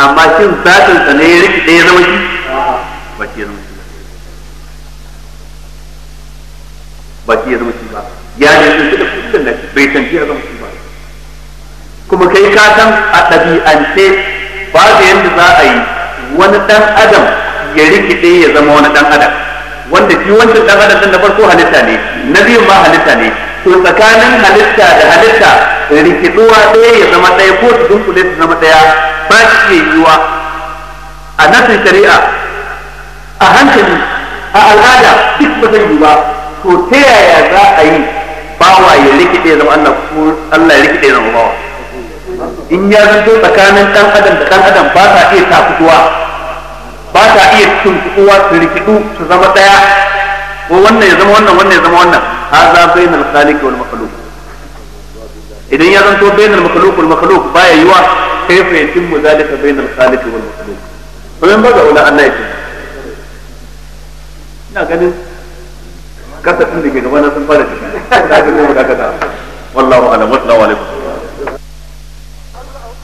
amma shin zatin sa ne ya rikice ya zama shi ba shi ya zama shi ba shi ya zama shi ba ya ne sun suka kusurin na bai canje ya zama shi ba kuma kai ka san a ɗabi'ance babu yadda za a yi wani dan adam ya rikide ya zama wani dan adam wanda shi wancan dan adam din na farko halitta ne na biyun ma halitta ne to tsakanin halitta da halitta rikiduwa ɗaya ya zama ɗaya ko su dunkule su zama ɗaya ba shi ke yiwuwa a nasin shari'a a hankali a al'ada duk ba zai yi ba to ta yaya za a yi bawa ya rikide ya zama Allah ko Allah ya rikide ya zama bawa in ya zanto tsakanin dan adam da dan adam ba ta iya takutuwa ba ta iya tuntuwa su rikidu su zama daya ko wannan ya zama wannan wannan ya zama wannan haza bainal khaliq wal makhluq idan ya zanto bainal makhluq wal makhluq ya yiwa kayfa yatimmu zalika bainal khaliq wal makhluq to yan ba ga wala Allah yake ina ganin tun da ke gaba na sun fara ciki da aka zo mu dakata wallahu a'lam wa assalamu alaikum